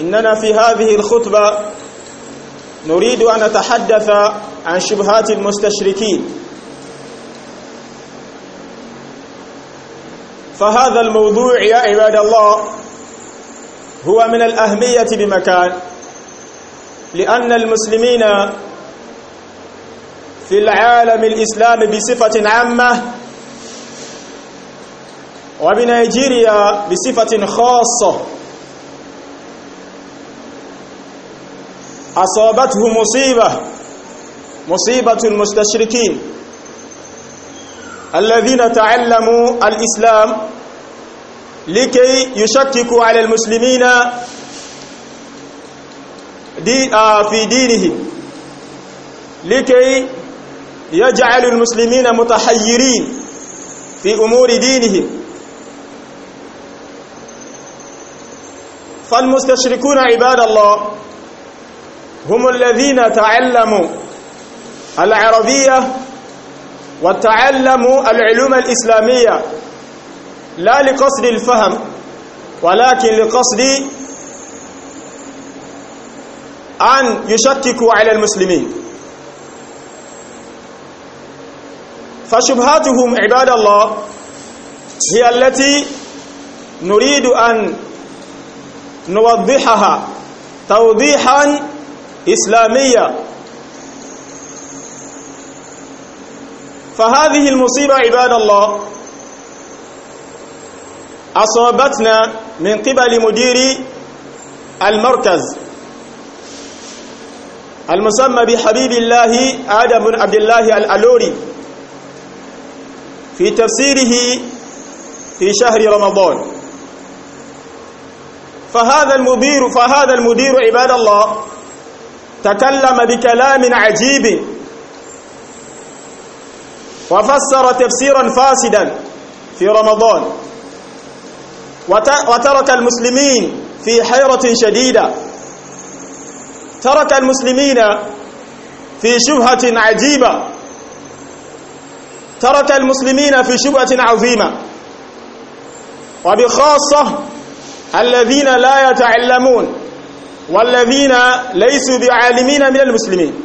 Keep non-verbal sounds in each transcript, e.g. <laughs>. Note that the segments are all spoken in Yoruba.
إننا في هذه الخطبة نريد أن نتحدث عن شبهات المستشركين فهذا الموضوع يا عباد الله هو من الأهمية بمكان لأن المسلمين في العالم الإسلامي بصفة عامة وبنيجيريا بصفة خاصة أصابته مصيبة مصيبة المستشركين الذين تعلموا الإسلام لكي يشككوا على المسلمين دي في دينهم لكي يجعل المسلمين متحيرين في أمور دينهم فالمستشركون عباد الله هم الذين تعلموا العربية وتعلموا العلوم الإسلامية لا لقصد الفهم ولكن لقصد أن يشككوا على المسلمين فشبهاتهم عباد الله هي التي نريد أن نوضحها توضيحا إسلامية فهذه المصيبة عباد الله أصابتنا من قبل مدير المركز المسمى بحبيب الله آدم بن عبد الله الألوري في تفسيره في شهر رمضان فهذا المدير فهذا المدير عباد الله تكلم بكلام عجيب وفسر تفسيرا فاسدا في رمضان وترك المسلمين في حيرة شديدة ترك المسلمين في شبهة عجيبة ترك المسلمين في شبهة عظيمة وبخاصة الذين لا يتعلمون والذين ليسوا بعالمين من المسلمين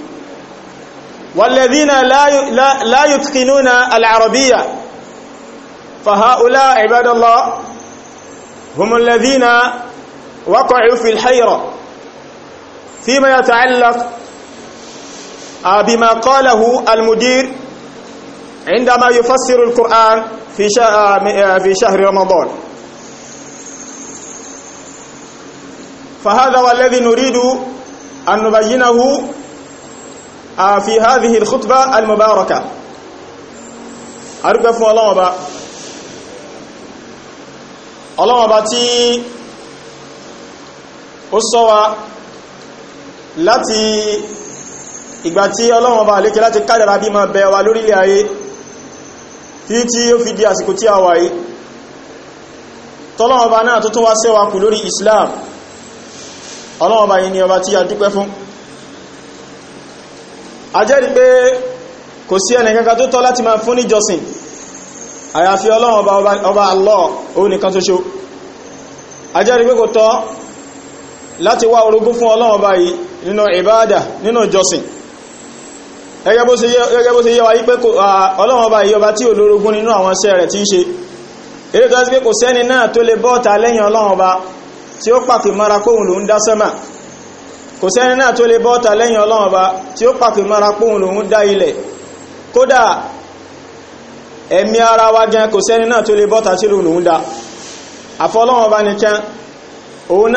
والذين لا لا, يتقنون العربية فهؤلاء عباد الله هم الذين وقعوا في الحيرة فيما يتعلق آه، بما قاله المدير عندما يفسر القرآن في آه، آه، شهر رمضان فهذا والذي نريد أن نبينه في هذه الخطبة المباركة أرجو الله وبا الله وبا تي أصوى láti ìgbà tí ọlọ́wọ̀n bá lékè láti kádàrà bí ma bẹ̀ wa lórílẹ̀ ayé tí tí ó fi di àsìkò tí a wà yìí tọ́lọ́wọ̀n bá náà tó tó wá ṣe wa kù lórí Islam ọlọ́wọ́ bá yìí ni ọba tí a dúpẹ́ fún a jẹ́rì pé kò sí ẹnìkankan tó tọ́ láti máa fún ní jọsìn àyàfi ọlọ́wọ́ ọba Allah òun nìkan ṣoṣo a jẹ́rì pé kò tọ́ láti wá orogún fún ọlọ́wọ́ bá yìí nínú ìbáadà nínú jọsìn gẹ́gẹ́ bó ṣe yẹ wa yí pé ọlọ́wọ́ bá tí ó pàpè mara kóhùn lòun dá sẹ́mà kò sẹ́ni náà tó lè bọ́ta lẹ́yìn ọlọ́run ọba tí ó pàpè mara kóhùn lòun dá ilẹ̀ kódà ẹ̀mí ara wa gan kò sẹ́ni náà tó lè bọ́ta tí lòun dá àfọlọ́run ọba nìkan òun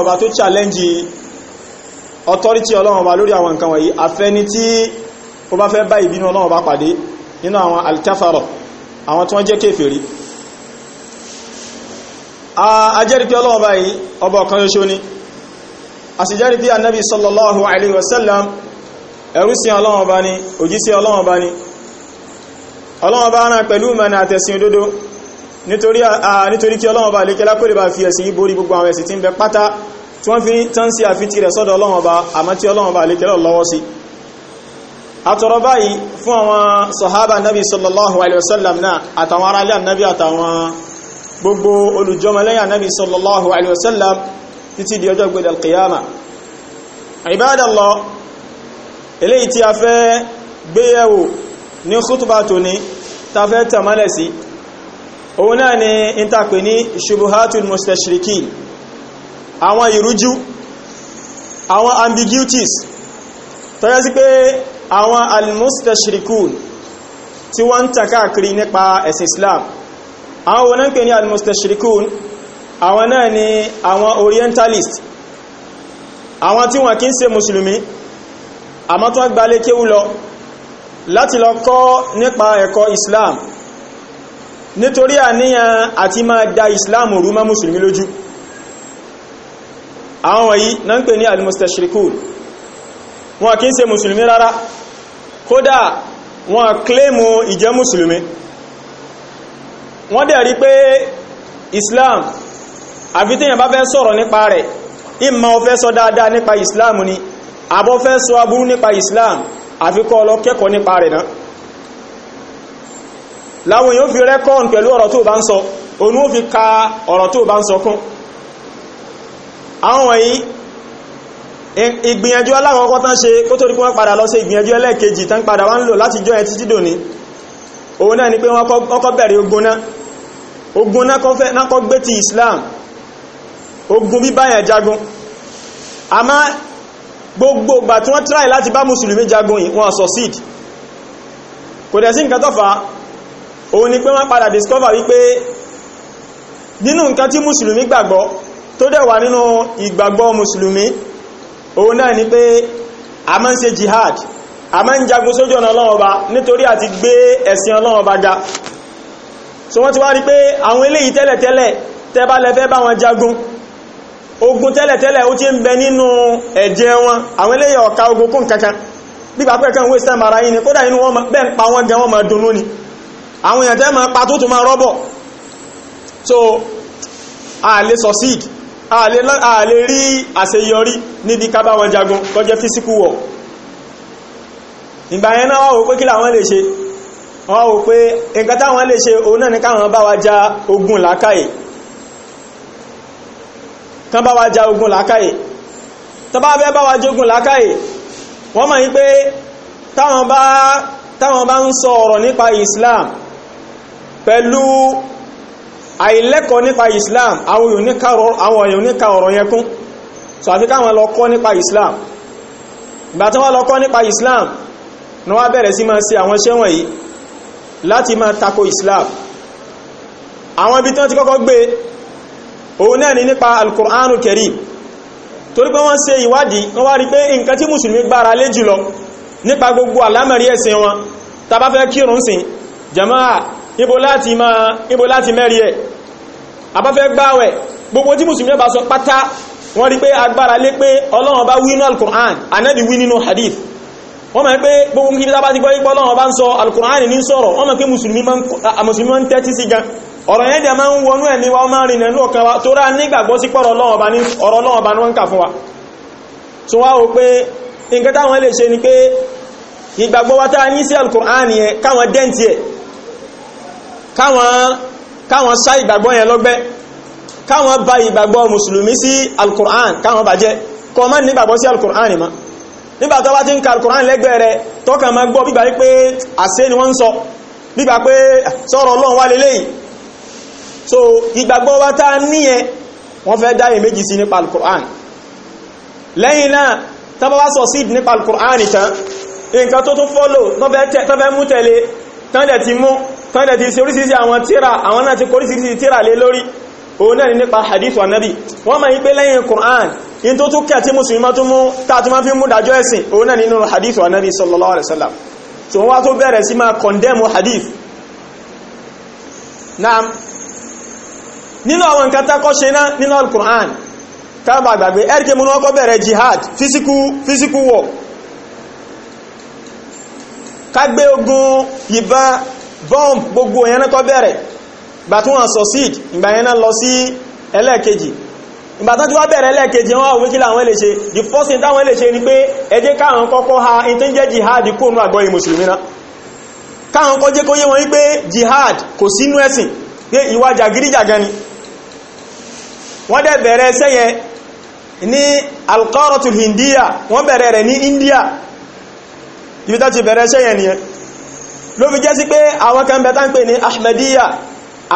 ọba authority ọlọ́run ọba lórí àwọn nǹkan wọ̀nyí àfẹ́ni tí fẹ́ bá ìbínú ọlọ́run ọba pàdé nínú àwọn alkafarọ̀ àwọn tí wọ́n jẹ́ kéfèrí a jẹ́rìí pé Ọlọ́run báyìí ọba ọ̀kan ṣoṣo ni a sì annabi sallallahu alaihi wasallam ẹrú sí Ọlọ́run bá ní òjíṣẹ́ Ọlọ́run bá ní Ọlọ́run bá rán pẹ̀lú mẹ́rin àtẹ̀sìn òdodo nítorí kí Ọlọ́run bá lè kẹ́lá kó lè bá fi ẹ̀sìn borí gbogbo àwọn ẹ̀sìn tí ń bẹ pátá tí wọ́n àtọ̀rọ̀ báyìí fún àwọn sọ̀hábà nabi sallallahu alaihi wasallam náà àtàwọn ará lẹ́yìn nabi àtàwọn gbogbo olùjọmọlẹ́yà nabi sallallahu alaihi wasallam títí di ọjọ́ gbẹ̀dẹ̀ alqiyama ibadallah eléyìí tí a fẹ́ gbéyẹ̀wò ní khutba tóní ta fẹ́ tàmálẹ̀ sí òun náà sí pé àwọn almustashirikun tí wọ́n ń takáàkiri nípa ẹ̀sìn islam àwọn wọn ń pè ní almustashirikun àwọn náà ni àwọn orientalist àwọn tí wọ́n kí ń ṣe mùsùlùmí àmọ́ tó gbalé kéwú láti lọ kọ́ nípa ẹ̀kọ́ islam nítorí àníyàn àti máa da islam rú mọ́ mùsùlùmí lójú àwọn wọ̀nyí náà ń pè ní wọn kìí ṣe mùsùlùmí rárá kódà wọn kílèmù ìjẹ́ mùsùlùmí wọ́n dẹ̀ rí pé islam àfitíyàn bá fẹ́ sọ̀rọ̀ nípa rẹ̀ ìmọ̀ ó fẹ́ sọ dáadáa nípa islam ni àbọ́ fẹ́ sọ aburú nípa islam àfikọ́ lọ kẹ́kọ̀ọ́ nípa rẹ̀ náà láwọn èèyàn fi rẹ́kọ́ọ̀n pẹ̀lú ọ̀rọ̀ tó bá ń sọ onú ó fi ka ọ̀rọ̀ tó bá ń sọ kún àwọn wọ̀nyí ìgbìyànjú alákọ̀ọ́kọ́ tán ṣe kó tó rí wọ́n padà lọ sí ìgbìyànjú ẹlẹ́ẹ̀kejì tán padà wá lò láti jọ ẹ̀tí títò ní òun náà ni pé wọ́n kọ́kọ́ bẹ̀rẹ̀ ogun náà kọ́ gbé ti Islam ogun bí báyàn jagun àmá gbogbo ìgbà tí wọ́n try láti bá mùsùlùmí jagun yìí succeed kò dẹ̀ sí nǹkan tọ́fà òun ni pé wọ́n padà discover wípé nínú nǹkan tí mùsùlùmí gbàgbọ́ tó dẹ̀ wà nínú ìgbàgbọ́ mùsùlùmí òun náà ni pé a máa ń se jihad a máa ń jagun sójú ọ̀nà Ọlọ́run Ọba nítorí àti gbé ẹ̀sìn ga so wọ́n ti wá rí pé àwọn eléyìí tẹ́lẹ̀tẹ́lẹ̀ tẹ́ bá jagun ogun tẹ́lẹ̀tẹ́lẹ̀ ó ti ń bẹ nínú ẹ̀jẹ̀ wọn àwọn eléyìí ọ̀ka ogun kún kankan bípa pẹ́ kan waste wọn pa wọn wọn ni ààlè rí àṣeyọrí níbi ká bá wọn jagun tó jẹ́ físíkù wọ̀ ìgbà yẹn náà wọ́n wò pé kí làwọn lè ṣe wọ́n wò pé nǹkan táwọn lè ṣe òun náà ní káwọn bá wa ja ogun làákàyè tán bá wa ja ogun làákàyè tán bá fẹ́ bá wa jogun làákàyè wọ́n mọ̀ yí pé táwọn bá ń sọ ọ̀rọ̀ nípa Islam pẹ̀lú àìlẹ́kọ̀ọ́ nípa Islam àwọn èèyàn níka ọ̀rọ̀ yẹn kún so àti káwọn lọ kọ́ nípa Islam ìgbà tí wọ́n lọ nípa Islam ní wọ́n bẹ̀rẹ̀ sí máa ṣe àwọn iṣẹ́ wọ̀nyí láti máa tako Islam àwọn ibi tí wọ́n ti kọ́kọ́ gbé òun náà ni nípa Al-Qur'anu Karim torí pé wọ́n ṣe ìwádìí wọ́n wá rí pé nǹkan tí mùsùlùmí gbára lé jùlọ nípa ibo láti máa ibo láti mẹ́rí ẹ̀ àbáfẹ́ gbáwẹ̀ gbogbo tí mùsùlùmí bá sọ pátá wọ́n rí pé agbára lé pé ọlọ́run bá wí nínú al-Qur'an anẹ́bì wí nínú hadith wọ́n mọ̀ pé gbogbo kí bá ti gbọ́ ipọ́ bá sọ al-Qur'an ní sọ̀rọ̀ wọ́n mọ̀ pé mùsùlùmí máa ń tẹ́tí sí gan ọ̀rọ̀ yẹn dẹ̀ máa ń wọnú ẹ̀mí wa máa rìn nínú ọkàn wa tó rá nígbàgbọ́ sí pọ̀rọ̀ ọlọ́run bá wa so wá o pé nǹkan táwọn lè ṣe ni pé ìgbàgbọ́ ní sí al-Qur'an káwọn dẹ́ntì ẹ̀ káwọn káwọn sá ìgbàgbọ́ yẹn lọ́gbẹ́ káwọn bá ìgbàgbọ́ mùsùlùmí sí alkùrán káwọn bàjẹ́ kọ má ní ìgbàgbọ́ sí alkùrán ni ma nígbà tó bá ti ń ka alkùrán lẹ́gbẹ̀ẹ́ rẹ tọ́kàn ma gbọ́ bígbà pé àṣẹ ni wọ́n ń sọ bígbà pé sọ̀rọ̀ ọlọ́run wá leléyìí so ìgbàgbọ́ wa tá a níyẹn wọ́n fẹ́ dá méjì sí nípa alkùrán lẹ́yìn náà tó bá wá sọ sí nípa alkùrán tán nǹkan tó tún fọ́lò tó fẹ́ mú tẹ̀lé tán dẹ̀ ti mú tọ́lẹ̀ ti ṣe orísìírísìí àwọn tíra àwọn náà ti kó orísìírísìí tíra lé lórí òun náà ni nípa hadith annabi wọ́n ma yí pé lẹ́yìn Qur'an in tó tún kẹ́ tí musulmi tó mú tààtùmá fi mú dájọ́ ẹ̀sìn òun náà nínú hadith annabi sallallahu alaihi wasallam so wọ́n wá tó bẹ̀rẹ̀ sí máa condemn hadith naam nínú àwọn nǹkan tákọ́ ṣe náà nínú al-Qur'an tábà gbàgbé ẹ̀rìkẹ́ mú wọ́n kọ́ bẹ̀rẹ̀ jihad physical physical war ká gbé ogun ìbá bomb gbogbo ẹ̀yẹn náà kọ́ bẹ̀rẹ̀ ìgbà tí wọ́n succeed ìgbà yẹn náà lọ sí ẹlẹ́ẹ̀kejì ìgbà tán tí wá bẹ̀rẹ̀ ẹlẹ́ẹ̀kejì wọn àwọn wíkílà àwọn eléṣe the first thing táwọn eléṣe ni pé ẹ jihad kó nú àgbọ́yé mùsùlùmí náà káwọn kọ́ ni wọ́n dẹ̀ bẹ̀rẹ̀ ẹsẹ́ india ibi tá ti bẹ̀rẹ̀ ẹsẹ́ ló fi jẹ́ sí pé àwọn kan bẹ̀tá ń pè ní Ahmadiyya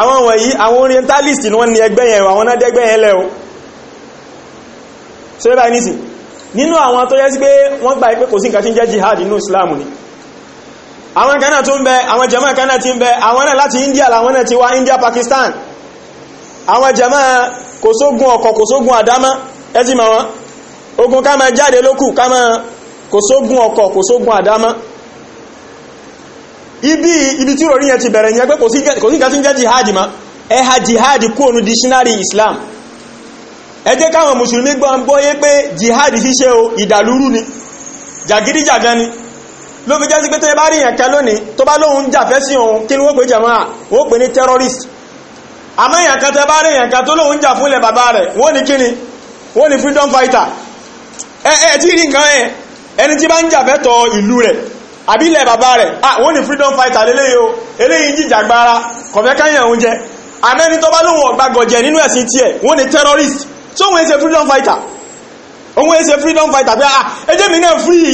àwọn wọ̀nyí àwọn orientalist ni wọ́n ní ẹgbẹ́ yẹn àwọn náà dẹ́gbẹ́ yẹn lẹ́wọ́ so ẹ báyìí nìsìn nínú àwọn tó jẹ́ sí pé wọ́n gbà pé kò sí nǹkan tí ń jẹ́ jihad nínú Islam ni àwọn kan náà tó ń bẹ àwọn jama kan náà ti ń bẹ àwọn náà láti India làwọn náà ti wá India Pakistan àwọn jama kò sógun ọkọ̀ kò sógun àdámá ẹzí ma wọn ogun ká máa jáde lókù ká máa kò sógun ọkọ̀ kò sógun àdámá ibi ibi tí orí yẹn ti bẹ̀rẹ̀ yẹn pé kò sí nǹkan jẹ́ jihadi ma ẹ jihadi kó nu islam ẹ jẹ́ káwọn mùsùlùmí gbọ́n bóyé pé jihadi ṣíṣe o ìdàlúrú ni jàgídíjàgan ni ló fi jẹ́ sí pé tó yẹ bá rí yẹn kẹ lónìí tó bá lóhun jàfẹ́ sí òun kí ni wọ́n pè jàmáà wọ́n pè ní terrorist àmọ́ èèyàn kan tẹ bá rí èèyàn kan tó lóhun jà fún ilẹ̀ bàbá rẹ̀ wọ́n ní kíni wọ́n ní freedom fighter ẹ ẹ tí rí nǹkan ẹ ẹni tí bá ń jàfẹ́ tọ ìlú rẹ̀ àbí ilẹ̀ bàbá rẹ̀ ah wọ́n ní freedom fighter lélẹ́yìí o eléyìí jìjàgbara kọ̀fẹ́ káyàn oúnjẹ àmẹ́ni tó bá lóhun ọ̀gbàgọ̀jẹ̀ nínú ẹ̀sìn tiẹ̀ wọ́n ní terrorist tó wọ́n ṣe freedom fighter òun ṣe freedom fighter ah ẹjẹ́ mi náà free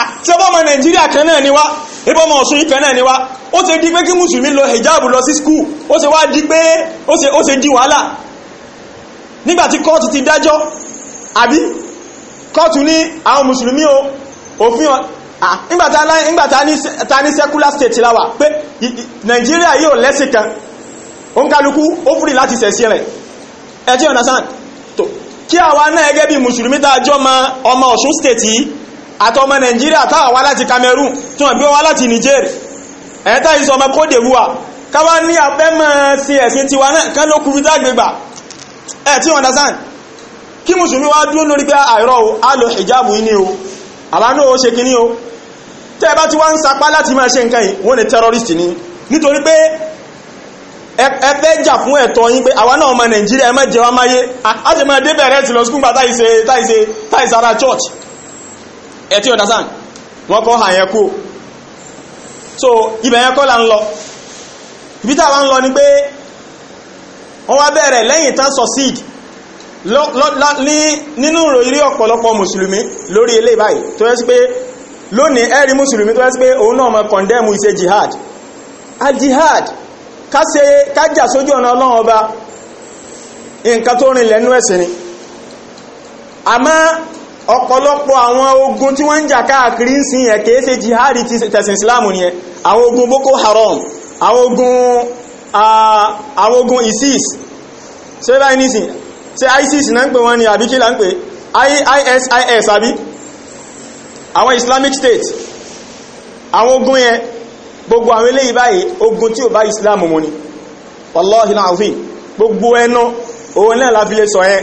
àti ọbọ̀mọ nàìjíríà kan náà ni wá ìbọ̀mọ ọ̀ṣun ìkan náà ni wá ó ṣe di pé kí mùsùlùmí lọ hijab lọ sí school ó ṣe wá di pé ó ṣe di wàhálà nígbàtí kóòtù ti dájọ́ àbí kóòtù ní àwọn mùsùlùmí o òfin Ah, nígbàtà ní secular state láwà pé Nigeria yíò lẹ́sìn kan o ń kálukú ó fúrì láti sẹ̀sí rẹ̀ ẹjí understand tó kí àwa náà gẹ́gẹ́ bí mùsùlùmí ma ọmọ Ọ̀ṣun state yìí àtọmọ Nigeria táwà wá láti Cameroon tó wọ́n bí wá láti Niger ẹ̀ẹ́ta ìsọ ọmọ Côte d'Ivoire káwá ní abẹ́ mọ́ sí ẹ̀sìn tiwa náà kán ló kúrú dágbégbà mùsùlùmí wá dúró lórí pé àìrọ̀ o àwa náà ó ṣe kíní o tẹ́ ẹ bá ti wá ń sapá láti máa ṣe nǹkan yìí wọ́n ní terrorist ni nítorí pé ẹ fẹ́ jà fún ẹ̀tọ́ yín pé àwa náà ọmọ nàìjíríà ẹ má jẹ wá máyé a ṣe máa dé bẹ̀rẹ̀ ti lọ sukùn gbà táìsẹ táìsẹ táìsẹ ara church ẹ ti understand wọ́n kọ́ hàn yẹn kú so ibẹ̀ yẹn kọ́ la ń lọ ibi tá a wá ń lọ ni pé wọ́n wá bẹ̀rẹ̀ lẹ́yìn tán succeed nínú ìròyìn ọ̀pọ̀lọpọ̀ mùsùlùmí lórí ilé báyìí tó yẹ́ sí pé lónìí ẹ̀rí mùsùlùmí tó yẹ́ sí pé òun náà mọ̀ kọ̀ndẹ́mù iṣẹ́ jihad al jihad kásẹ̀ kájà sójú ọ̀nà ọlọ́run ọba nǹkan tó rìn lẹ́nu ẹ̀sìn ni àmọ́ ọ̀pọ̀lọpọ̀ àwọn ogun tí wọ́n ń jà káàkiri ń sin yẹn kìí jihad ti tẹ̀sìn islamu nìyẹn àwọn ogun boko haram àwọn ogun ah, àwọn isis ṣe báyìí nísìn ṣe ISIS náà ń pè wọ́n ni àbí kí là ń pè ISIS àbí àwọn Islamic State àwọn ogun yẹn gbogbo àwọn eléyìí báyìí ogun tí ò bá Islam mu ni wallahi alazim gbogbo ẹnu òun náà la fi lè sọ yẹn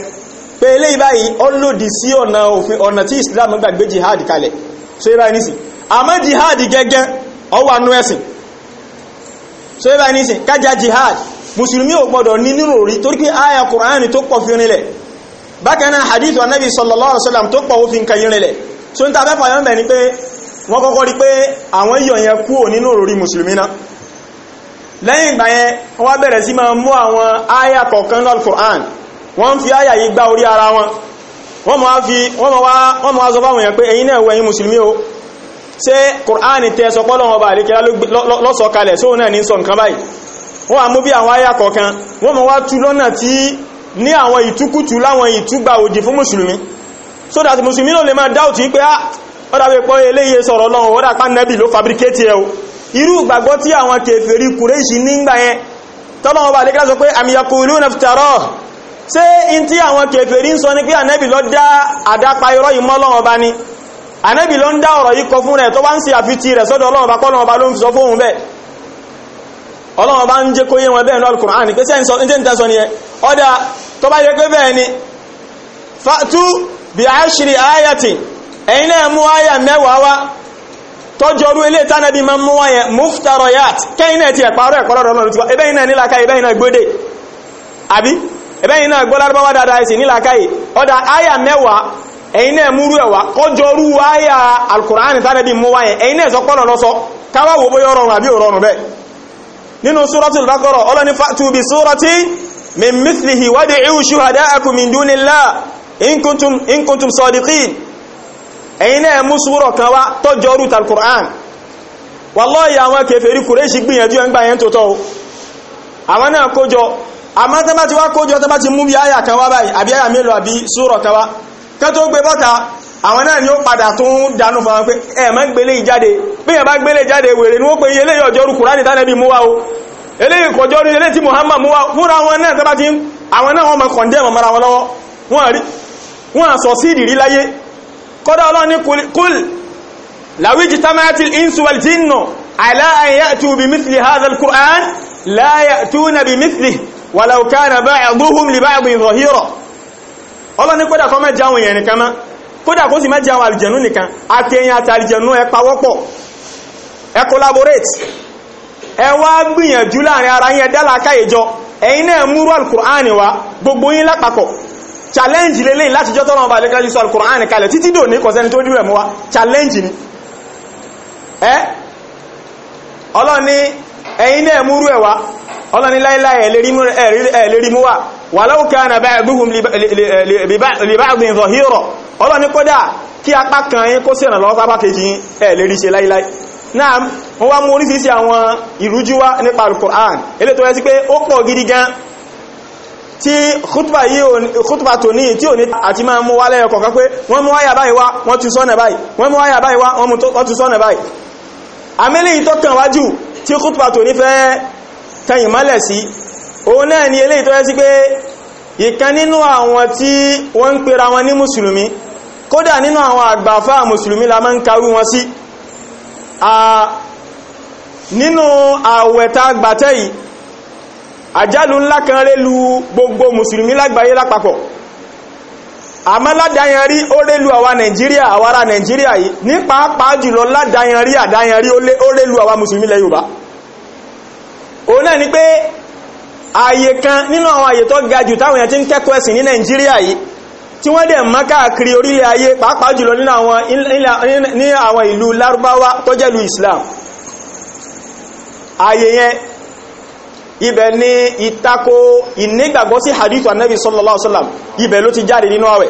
pé eléyìí báyìí ó lòdì sí ọ̀nà òfin ọ̀nà tí Islam gbàgbé jihad kalẹ̀ so yẹ báyìí nísì àmọ́ jihad gẹ́gẹ́ ó wà ẹ̀sìn so yẹ báyìí nísì jihad musulmi o gbọdọ̀ nini nírò rí torí pé aya kùránì tó pọ̀ fi rinlẹ̀ bákanáà hadith wa nabi sallallahu alaihi wasallam tó pọ̀ òfin kan rinlẹ̀ so n ta fẹ́ fàyọ́ mẹ́ ni pé wọ́n kọ́kọ́ pe awon àwọn yọ̀ yẹn kúrò musulmi na lẹ́yìn ìgbà yẹn wọ́n bẹ̀rẹ̀ sí máa mú aya fi aya ara wọn wọ́n máa fi wọ́n máa wá musulmi o ṣé kùrán tẹ́ sọpọ́lọ́wọ́n bá wọ́n a mú bí àwọn àyà kọ̀ọ̀kan wọ́n mọ̀ wá tú lọ́nà tí ní àwọn ìtúkùtù láwọn ìtúgbà òdì fún mùsùlùmí so that mùsùlùmí náà lè máa dáùtì ah, pé á ọ̀dàbẹ̀ pọ́ eléyìí sọ̀rọ̀ lọ́wọ́ wọ́n dàpá nẹ́bì ló fabricate ẹ̀ o irú ìgbàgbọ́ tí àwọn kèfèrí kùrẹ́ṣì nígbà yẹn tọ́lọ́wọ́ bá lékẹ́lá sọ pé àmìyàkùnrin ló nẹfùtàrọ̀ ṣé in tí àwọn kèfèrí ń sọ ní pé ànẹ́bì ló dá àdápa irọ́ yìí mọ́ lọ́wọ́ ọlọ́run bá ń jẹ́ kó yé wọn bẹ́ẹ̀ ní Al-Qur'an pé sẹ́yìn sọ ní tẹ́ ń tẹ́sọ ni ẹ ọ̀dà tó bá yẹ pé bẹ́ẹ̀ ni fatu bí ashri ayati ẹ̀yin náà mú àyà mẹ́wàá wá tọ́jọ́rú ilé tánàbí ma mú wáyẹ muftarayat kẹ́yìn náà ti ẹ̀pàrọ̀ ẹ̀pọ̀rọ̀ ọlọ́run ti wá ẹbẹ́yìn náà nílàkà ẹbẹ́yìn náà gbódé àbí ẹbẹ́yìn náà gbọ́lárúbáwá dáadáa ẹ̀sìn nílàkà yìí ọ̀dà àyà mẹ́wàá ẹ̀yin náà múrú ẹ̀wà kọjọrú àyà alkùránì tánàbí mú wáyẹ ẹ̀yin náà sọ pọ́nà lọ́sọ káwà wò bóyá ọrọ̀rùn àbí ọrọ̀rùn bẹ́ẹ̀ nínú suratul Baqara ọlọ́ni fa'tu bi surati min mithlihi wad'u shuhada'akum min dunillah in kuntum in kuntum sadiqin ẹ̀yin náà mú súrọ̀ kan wá tọ́jọ́ rúta al-Qur'an wallahi àwọn kèfèrí Kùrẹ́ṣì gbìyànjú ẹgbà àwọn náà ni ó padà tó ń dánú fún àwọn pé ẹ má gbélé ìjáde bí ẹ bá gbélé ìjáde wèrè ni wọ́n pe eléyìí ọjọ́rú Kùránì tánàbí mú wá o eléyìí kọjọ́rú eléyìí tí Muhammad mú fúnra wọn náà tẹ́bá ti àwọn náà wọ́n ma kọ̀ndẹ́ mọ̀ mara wọn lọ́wọ́ wọ́n sọ sí ìdìrí láyé kọ́dá Ọlọ́run ní kúl láwíjì kọ́mẹ́ jáwọn yẹn nìkan kódà kó sì má jẹ́ àwọn àlìjẹ̀nú nìkan àtẹ̀yìn àtàlìjẹ̀nú ẹ pawọ́pọ̀ ẹ collaborate ẹ wá gbìyànjú láàrin ara yín dá làákàyè jọ ẹ̀yin náà múrú alukur'ani wa gbogbo yín lápapọ̀ challenge lélẹ́yìn láti jọ́ tọ́lọ́wọ́n bá lẹ́kẹ́lẹ́ sọ alukur'ani kalẹ̀ títí dò ní kọ̀sẹ́ni tó dúró ẹ̀ wa challenge ni ẹ́ ọlọ́ni ẹ̀yin náà múrú ẹ̀ wa ọlọ́ni láíláì ẹ̀lérí mú wa wàlọ́ọ̀kẹ́ ànàbáyà dúhùn lè bá àdùn ìzọ̀hírọ̀ ọlọ́ ní kódà kí apá kan yín kó sí ìrànlọ́wọ́ pápá kejì yín ẹ̀ lè rí ṣe láíláí náà wọ́n wá mú oríṣiríṣi àwọn ìrújú nípa alukur'an ilé tó yẹ sí pé ó pọ̀ gidi gan tí khutba yìí khutba tó ní tí ò ní àti máa mú wá lẹ́yọ kọ̀ọ̀kan pé wọ́n mú wáyà báyìí wá wọ́n tún sọ́nà báyìí wọ́n mú wáyà báyìí wá wọ́n tún sọ́nà báyìí ni eléyìí tó yẹ sí pé ìkan nínú kódà nínú àwọn àgbàfà mùsùlùmí la máa ń karú wọn sí nínú àwẹ̀ta àgbàtẹ́ yìí àjálù ńlá kan rẹ̀ lu gbogbo mùsùlùmí lágbàáyé lápapọ̀ àmọ́ ládáyanrí ó rẹ̀ lu àwa nàìjíríà àwa ará nàìjíríà yìí ní pàápàá jùlọ ládáyanrí àdáyanrí ó rẹ̀ lu àwa mùsùlùmí lẹ yorùbá òun náà ni pé ààyè kan nínú àwọn ààyè tó ga jù táwọn èèyàn ti ń kẹ́kọ̀ọ́ ẹ̀sìn ní nàìjíríà yìí tí wọ́n dẹ̀ mọ́ káàkiri orílẹ̀ ayé pàápàá jùlọ ní àwọn ìlú lárúbáwá tó jẹ́lu islam ayé yẹn ibẹ̀ ní ìtakò ìnígbàgbọ́ sí hadith anabi sallallahu alaihi wasallam ibẹ̀ ló ti jáde nínú àwẹ̀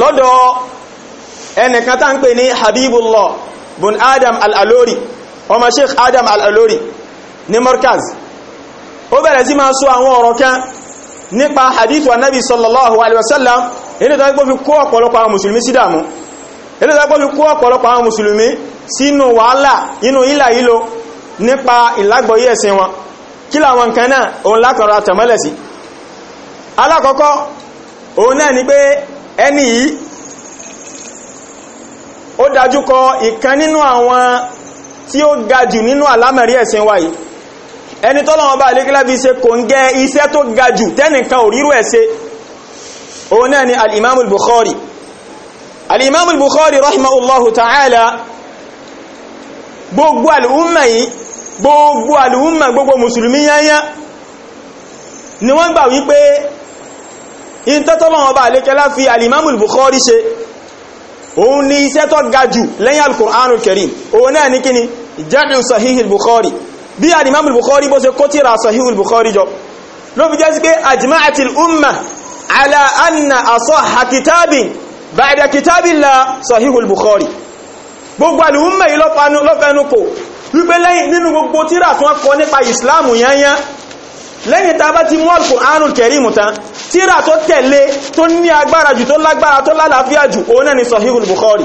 lọ́dọ̀ ẹnìkan tá ń pè ní habibullah bun adam al-alori ọmọ sheikh adam al-alori ní markaz ó bẹ̀rẹ̀ sí máa sọ àwọn ọ̀rọ̀ kan nípa hadith wa nabi sallallahu alaihi wasallam ilé tó gbọ́ fi kó ọ̀pọ̀lọpọ̀ àwọn musulmi sí dàmú ilé tó gbọ́ fi kó ọ̀pọ̀lọpọ̀ àwọn musulmi sínú wàhálà inú ìlà ìlò nípa ìlágbọ̀yé ẹ̀sìn wọn kí làwọn nǹkan náà òun lákọ̀ọ́ra tẹ̀mọ́lẹ̀ sí alákọ̀ọ́kọ́ òun náà ni pé ẹni yìí ó dájú kọ ìkan nínú àwọn tí ó ga jù nínú àlámẹ̀rí ẹ̀sìn wa yìí ẹni tọ́lọ́wọ́n bá alékílá bí ṣe kò ń gẹ iṣẹ́ tó ga jù tẹ́nìkan ò rírò ẹ̀ ṣe òun náà ni al'imamul bukhari al'imamul bukhari rahimahullahu ta'ala gbogbo al'umma yìí gbogbo al'umma gbogbo musulmi yányá ni wọ́n gbà wípé in tọ́lọ́wọ́n bá alékílá fi al'imamul bukhari ṣe òun ni iṣẹ́ tó ga jù lẹ́yìn al-Qur'anul karim òun náà ni kíni jadu bí alimami bukhari bó ṣe kó tíra sahihul bukhari jọ ló fi jẹ́ sí pé ajma'atil umma ala anna asahha kitabin ba'da kitabillah sahihul bukhari gbogbo alìhúnmà yìí lọ́fẹ́nukò wípé lẹ́yìn nínú gbogbo tíra tí wọ́n kọ nípa ìsìláàmù yányán lẹ́yìn tá bá ti mú al-Qur'anul Karim tán tíra tó tẹ̀lé tó ní agbára jù tó lágbára tó lálàáfíà jù òun ni sahihul bukhari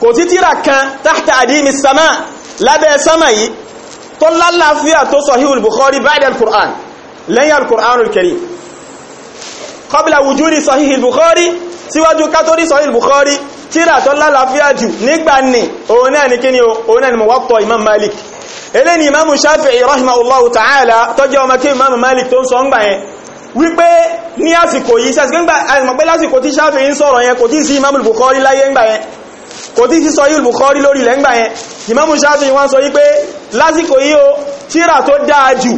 kò sí tíra kan tahta adimi sama lábẹ́ sánmà yìí tó lálàáfíà tó sahihul bukhari ba'da al-qur'an lẹ́yìn al-qur'an al-karim qabla wujudi sahihul bukhari síwájú kátórí sahihul bukhari tíra tó lálàáfíà jù nígbà ní òun náà ni kíni òun náà ni muwatta imam malik eléyìn ni imam shafi'i rahimahullahu ta'ala tó jẹ́ ọmọ kí imam malik tó ń sọ ń gbà yẹn wípé ní àsìkò yìí kò tí sí sọyí Bukhari lórí lẹ́ngbà yẹn Imam Shafi'i wọ́n sọ wípé lásìkò yí o tíra tó dáa jù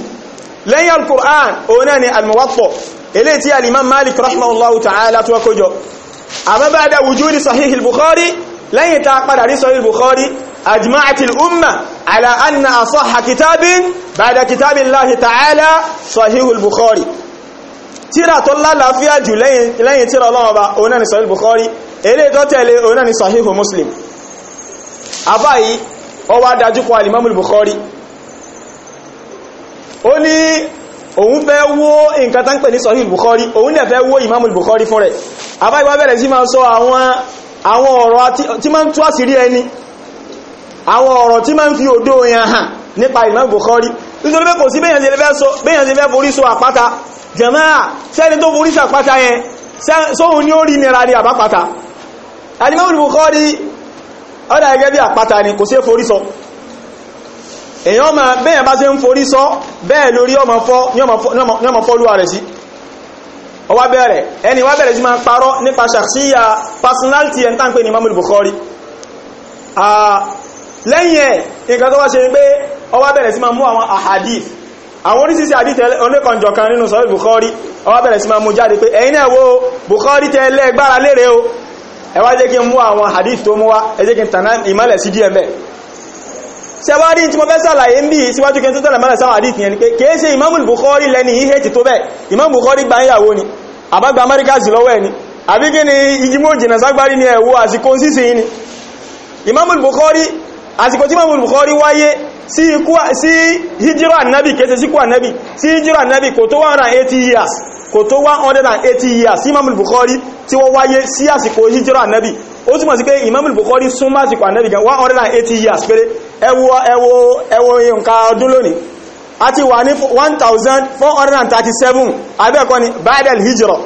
lẹ́yìn al-Qur'an òun náà ni al-Muwatta ilé tí al-Imam Malik rahimahullahu ta'ala tó kójọ àmọ́ bá dá wujudi sahih Bukhari lẹ́yìn ta padà rí sahih Bukhari ajma'at al-umma ala anna asahha kitabin ba'da kitabillahi tíra tó lálàáfíà jù lẹ́yìn tíra ọlọ́wọ́ òun náà ni sahih Bukhari eré tó tẹ̀lé oná ni sahihu muslim afáyí ó wá dájúkọ alimamul bukhari Oni, ní òun fẹ́ wó nǹkan tán pè ní sahihu bukhari òun nẹ̀ fẹ́ wó imamul bukhari fún rẹ̀ afáyí wá bẹ̀rẹ̀ sí ma sọ àwọn ọ̀rọ̀ tí ma ń tú àsìrí ẹni àwọn ọ̀rọ̀ tí ma ń fi òdó yẹn hàn nípa imamul bukhari nítorí pé kò sí bẹ́yàn sí fẹ́ forí so àpáta jẹ̀máà sẹ́ni tó forí sàpáta yẹn sóhun ni ó rí nira ní àbápáta alimọ́bùn Bukhari ọ́dá gẹ́gẹ́ bí àpáta ni kò sí forí sọ èyàn ma bẹ́yàn bá ṣe ń forí sọ bẹ́ẹ̀ lórí ọmọ fọ́ ní ọmọ fọ́lúwà rẹ̀ sí ọwá bẹ̀rẹ̀ ẹni wá bẹ̀rẹ̀ sí máa parọ́ nípa ṣàṣíyà personality ẹ̀ ń tàn pé ní Imamul Bukhari lẹ́yìn ẹ̀ nǹkan tó wá ṣe pé ọwá bẹ̀rẹ̀ sí máa mú àwọn ahadith àwọn orísìsí àdíjẹ olékànjọ kan nínú sọ́rọ̀ Bukhari ọwá bẹ̀rẹ̀ sí máa mú jáde pé ẹ̀yin náà wo Bukhari tẹ́ lẹ́gbára lére o ẹ wá jẹ́ kí n mú àwọn hadith tó mú wá ẹ jẹ́ kí n tàná ìmọ́lẹ̀ sí díẹ̀ bẹ́ẹ̀ ṣe wá rí tí mo fẹ́ sàlàyé ń bí síwájú kí n tó tẹ̀lẹ̀ sáwọn hadith yẹn ni pé kìí ṣe Imam Bukhari lẹ́ni ihe ti tó bẹ́ẹ̀ Imam Bukhari ni àbágbà amẹ́ríkà sí ni àbí kí ni ìjímọ̀ jìnà ságbárí ni ẹ̀wọ́ àsìkò sísì yìí ni Imam Bukhari àsìkò tí Imam Bukhari wáyé sí hijira annabi kìí ṣe síkú annabi years kò tó 180 years sí imamul bukhari tí wọ́n wáyé sí àsìkò hijira anabi ó túnmọ̀ sí pé imamul bukhari súnmọ́ àsìkò anabi gan 180 years péré ẹwọ ẹwọ ẹwọ nǹkan ọdún lónìí a ti wà ní 1437 abẹ́ẹ̀kọ́ ni ba'dal hijira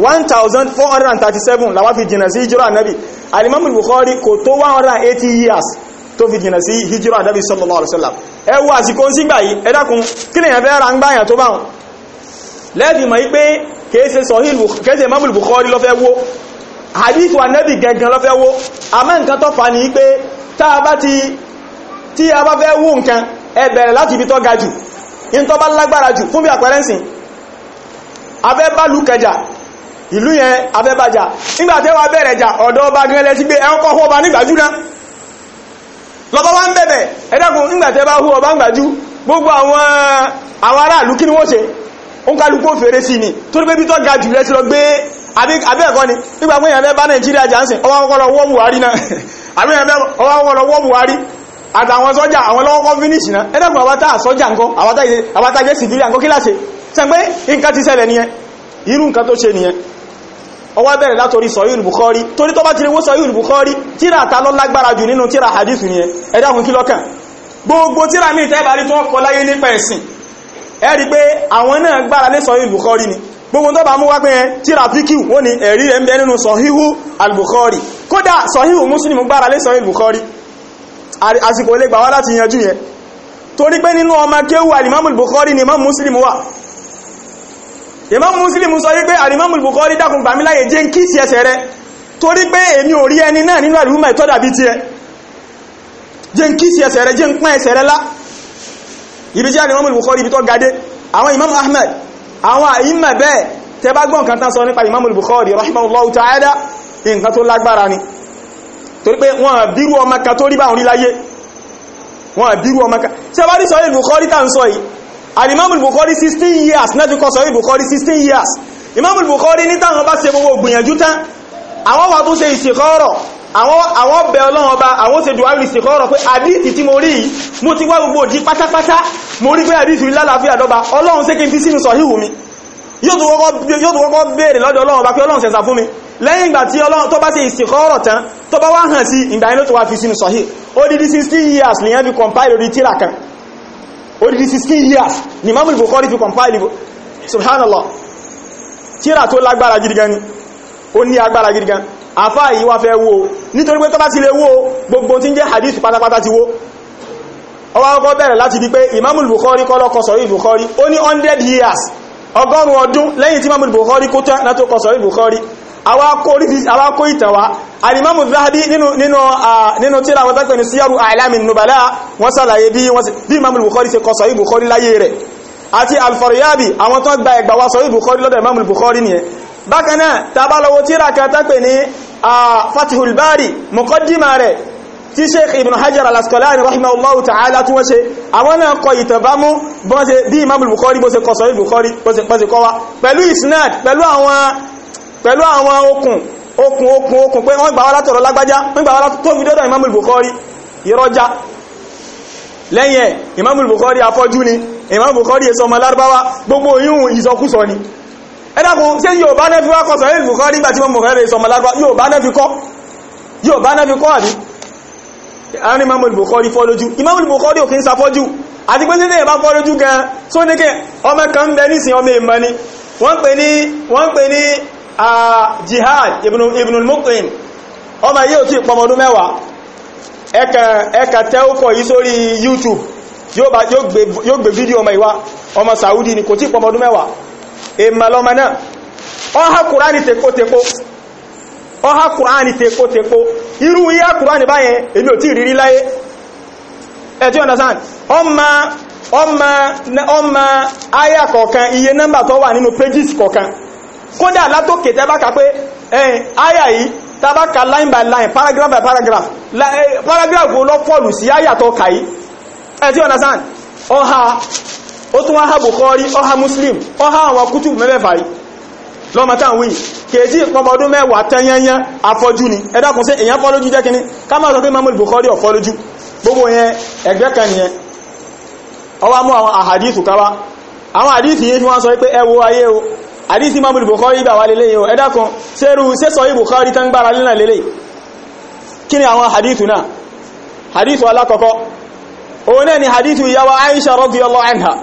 1437 làwa fi jìnà sí hijira anabi alimamul bukhari kò tó 180 years tó fi jìnà sí hijira anabi sallallahu alaihi wasallam ẹwọ àsìkò ń sígbà yìí ẹ dákun kí lèyàn fẹ́ lẹ́bí ma wípé kéèsè sọ̀hílù kéèsè mọ́mùlù Bukhari lọ́fẹ́ wó hadith wa nẹ́bì gẹ̀gẹ̀ lọ́fẹ́ wó a mẹ́ nǹkan tó fà ní wípé tí a bá fẹ́ wó nǹkan ẹ bẹ̀rẹ̀ láti ibi tó ga jù in tó bá lágbára jù fún bí àpẹrẹnsìn afẹ́ bá lù kẹjà ìlú yẹn afẹ́ bá jà nígbà tẹ́ wà bẹ̀rẹ̀ jà ọ̀dọ́ ọba gẹ́lẹ́ sí àwọn aráàlú kí ni wọ́n ṣe ó ń kálukú ó fèrè sí ni torí pé bí tó ga jùlẹ ti lọ gbé abẹ́ẹ̀kọ́ ni nígbà pé èèyàn fẹ́ bá nàìjíríà jansen ọwọ́ kọ́kọ́rọ́ wọ́ buhari náà <laughs> àbí èèyàn fẹ́ ọwọ́ kọ́kọ́rọ́ wọ́ buhari àtàwọn sọ́jà àwọn lọ́wọ́kọ́ finish náà ẹ̀dẹ́kùn àwátá sọ́jà nǹkan àwátá jẹ́ sìdílé àǹkọ́ kíláṣe sẹ́ pé nǹkan ti ṣẹlẹ̀ nìyẹn irú nǹkan tó ṣe nìyẹn ọwọ́ bẹ̀rẹ̀ látorí sọ̀yún bukhari torí tó bá ti lè wó sọ̀yún bukhari tíra àta lọ lágbára jù nínú tíra hadith nìyẹn ẹ̀dẹ́kùn kí lọ́kàn gbogbo tíra míì tẹ́bàrí tó kọ láyé nípa ẹ̀sìn ẹ rí pé àwọn náà gbára lé sọ ìbùkọ́rí ni gbogbo tó bá mú wá pé ẹ tíra fíkì wọ́n ni ẹ̀rí rẹ̀ ń bẹ nínú sọ̀híhù al-Bukhari kódà sọ̀híhù Muslim gbára lé sọ̀híhù al-Bukhari àsìkò lè gbà wá láti yanjú yẹn torí pé nínú ọmọ kéwù al-Imam ni Imam Muslim wà Imam Muslim sọ wípé al-Imam al-Bukhari dákun gbà mí láyè jẹ́ ń kí sí ẹsẹ̀ rẹ torí pé èmi ò rí ẹni náà nínú àlùmọ̀ ìtọ́dàbí tiẹ̀ jẹ́ ń ibi tí alimọ́mù Bukhari ibi tó gadé àwọn imam Ahmad àwọn àyíma bẹ́ẹ̀ tẹ bá gbọ́n kan tán sọ nípa imam Bukhari rahimahullahu ta'ala nǹkan tó lágbára ni torí pé wọ́n bírú ọmọ kan tó rí bá orí láyé wọ́n bírú ọmọ kan tẹ bá years náà ti kọ́ sọ years imam Bukhari ní táwọn bá ṣe gbogbo gbìyànjú tán àwọn wà tó àwọn bẹ ọlọ́run ọba àwọn ṣe dùwárí sí kọ́rọ̀ pé àdíìtì tí mo rí yìí mo ti wá gbogbo òdí pátápátá mo rí pé àdíìtì rí lálàáfíà dọ́ba ọlọ́run ṣé kí n fi sínú sọ̀híhù mi yóò tó kọ́kọ́ béèrè lọ́dọ̀ ọlọ́run ọba pé ọlọ́run ṣẹ̀sà fún mi lẹ́yìn ìgbà tí ọlọ́run tó bá ṣe ìsìnkọ́rọ̀ tán tó bá wá hàn sí ìgbà inú tó wá fi sínú sọ̀hí odidi 16 years ni yẹn fi compile orí tíra kan odidi 16 years ni Imam Bukhari fi compile subhanallah tíra tó lágbára gidigan ni ó ní agbára gidigan àfá yìí wá fẹ́ wó nítorí pé tó bá ti lè wó gbogbo tí ń jẹ́ hadith pátápátá ti wó ọwá ọkọ̀ bẹ̀rẹ̀ láti di pé imamul bukhari kọ́lọ́ kọsọ̀rí bukhari ó ní 100 years ọgọ́rùn ọdún lẹ́yìn tí imamul bukhari kó tán látó kọsọ̀rí bukhari awákó ìtànwá alimamu zahabi nínú tí ra wọ́tá pẹ̀lú síyàrù alamin nubala wọ́n sàlàyé bí imamul bukhari ṣe kọsọ̀rí bukhari láyé rẹ̀ àti alfaryabi àwọn tó gba ẹgbàwà sọ̀rí bukhari lọ́dọ̀ imamul bukhari nìyẹn bákanáà tabalọ́wọ́ tí ra kẹta ní Ah, fatihul bari muqaddima rẹ̀ tí sheikh ibn hajar al-asqalani rahimahullahu ta'ala tún wọ́n ṣe àwọn náà kọ ìtàbámú bí imam bukhari bó ṣe kọ sọ bukhari bó ṣe kọ wá pẹ̀lú isnad pẹ̀lú àwọn pẹ̀lú àwọn okùn okùn okùn okùn pé wọ́n gbà wá látọ̀rọ̀ lágbájá wọ́n gbà wá látọ̀ tó fi dọ́dọ̀ imam ẹ̀dàkùn ṣe yóò bá náà fi wákọ̀ sọ ìlú kọ́ nígbàtí mọ́ mọ̀rẹ́ sọmọ lágbà yóò bá náà fi kọ́ yóò bá náà fi kọ́ àbí àárín Imam al-Bukhari fọ́lójú Imam al-Bukhari ò kí ń safọ́jú àti pé nílé ẹ̀bá fọ́lójú gan tó ní kí ọmọ kan bẹ nísìn ọmọ ìmọ̀ ni wọ́n pè ní wọ́n pè ní Jihad ibn al-Muqrin ọmọ yìí ò tí pọmọdún mẹ́wàá ẹkà tẹ́ ó kọ̀ yìí sórí YouTube yóò gbé fídíò ọmọ ìwá ọmọ Saudi ni kò tí pọmọdún mẹ́wàá èmà lọ́mọ náà ọha kùránì tèkótèkó ọha kùránì tèkótèkó iru ihe kùránì báyẹn èmi ò tí ìrírí láyé ẹ̀tí ọma ọmọ ọma aya kọkan iye nọmba tọ wà nínú pages kọkan kódà látòkè tẹ́bákà pé ẹ̀yìn aya yìí tàbákà line by line paragraph by paragraph paragraph lọ fọ́ọ̀lù sí aya tó kàí ẹ̀tí understand ọha ó tún wá ha Bukhari ó ha Muslim ó ha àwọn kútùbù mẹ́fẹ̀ẹ̀fà yìí lọ́mọ táwọn wíyìn kèèsí pọmọdún mẹ́wàá tẹ́yẹnyẹn afọ́jú ni ẹ dákun sí èyàn fọ́lójú jẹ́ kìíní ká máa sọ pé Imamul Bukhari ọ̀fọ́lójú gbogbo yẹn ẹgbẹ́ kan nìyẹn ọwá mú àwọn àhàdìsù káwá àwọn àdìsù yìí fi wọ́n sọ pé ẹ wo ayé o àdìsù Imamul Bukhari ìgbà wà lélẹ́yìn o ẹ dákun sẹ́rù sẹ́sọ yìí Bukhari tán gbára lẹ́nà lélẹ́ kí ni àwọn àdìsù náà àdìsù alákọ̀ọ́kọ́ òun náà ni àdìsù ìyá Aisha radiyallahu anha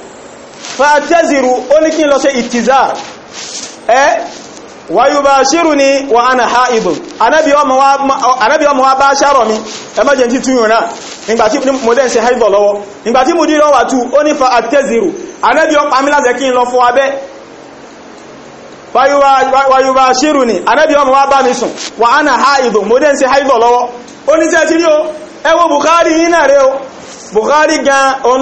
Fa fa'ataziru onikin lo se itizar eh wa yubashiruni wa ana haid anabi wa anabi wa mubasharo mi e ma je nti tun yona ngba ti mo den se haid lowo ngba ti mo di lowo atu oni fa'ataziru anabi o pamila ze kin lo fo abe wa yubashiruni anabi wa mubasun wa ana haid mo den se haid lowo oni se ti ri o ewu Buhari bukhari ni na re o bukhari gan on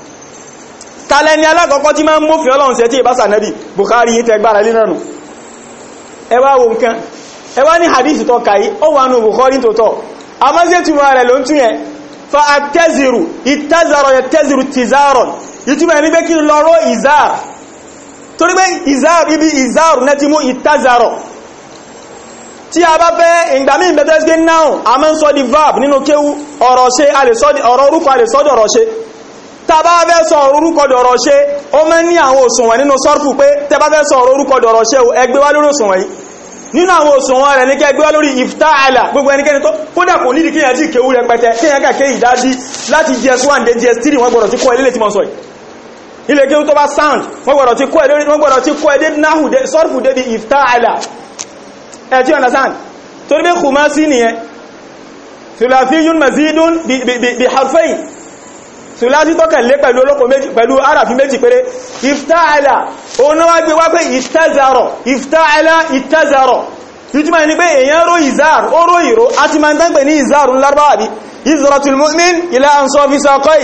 tàlẹ́ ni alákọ̀ọ́kọ́ tí máa ń mọ́fin ọlọ́run ṣe tí ìbáṣà nẹ́bì Bukhari yí tẹgbàrà lé nánu ẹ wá wo nǹkan ẹ wá ní hadith tó kàyí ó wà nù Bukhari tó tọ́ amásẹ́tùmọ̀ rẹ̀ ló ń tún yẹn fa àtẹ́zìrù ìtẹ́zàrọ̀ yẹ tẹ́zìrù tìzàrọ̀ ìtumẹ̀ ní pé kí lọ́rọ̀ ìzàr torí ibi ìzàr náà ti mú ìtẹ́zàrọ̀ tí a bá fẹ́ ìgbàmí ìbẹ̀tẹ́sgé náà a máa ń sọ di verb nínú kéwú ọ̀rọ̀ ṣe ọ̀rọ̀ di ọ̀rọ̀ ṣe tàbá fẹ́ sọ orúkọ dọ̀rọ̀ ṣe ó mẹ́ ní àwọn òṣùwọ̀n nínú sọ́rfù pé tẹ́bá fẹ́ sọ orúkọ dọ̀rọ̀ ṣe ẹgbẹ́ wá lórí òṣùwọ̀n yìí nínú àwọn òṣùwọ̀n rẹ̀ ní kẹgbẹ́ wá lórí ìftáàlà gbogbo ẹnikẹ́ni tó kódà kò nídìí kíyàn tí ìkéwú rẹpẹtẹ kíyàn kàkẹ́ ìdádí láti js1 dé js3 wọ́n gbọ́dọ̀ ti kọ́ ilé tí mo sọ yìí ilé kí tó bá sound wọ́n gbọ́dọ̀ ti kọ́ ẹ lórí wọ́n gbọ́dọ̀ ti kọ́ ẹ dé náhù sọ́rfù débi ìftáàlà ẹ̀ tí understand torí pé kùmá sí nìyẹn ثلاثي مزيد بحرفين sùlásí tọ́kẹ̀ lé pẹ̀lú olóko méjì pẹ̀lú aráfin méjì péré ìftáàlá oná wá gbé wá pé ìtẹ́zàrọ̀ ìftáàlá ìtẹ́zàrọ̀ ìtumọ̀ ní pé èyàn ró ìzáàrù ó ró ìró a ti máa ń tánpẹ̀ ní ìzáàrù lárúbáwá bí ìzọ̀rọ̀tul mu'min ila ansafi saqai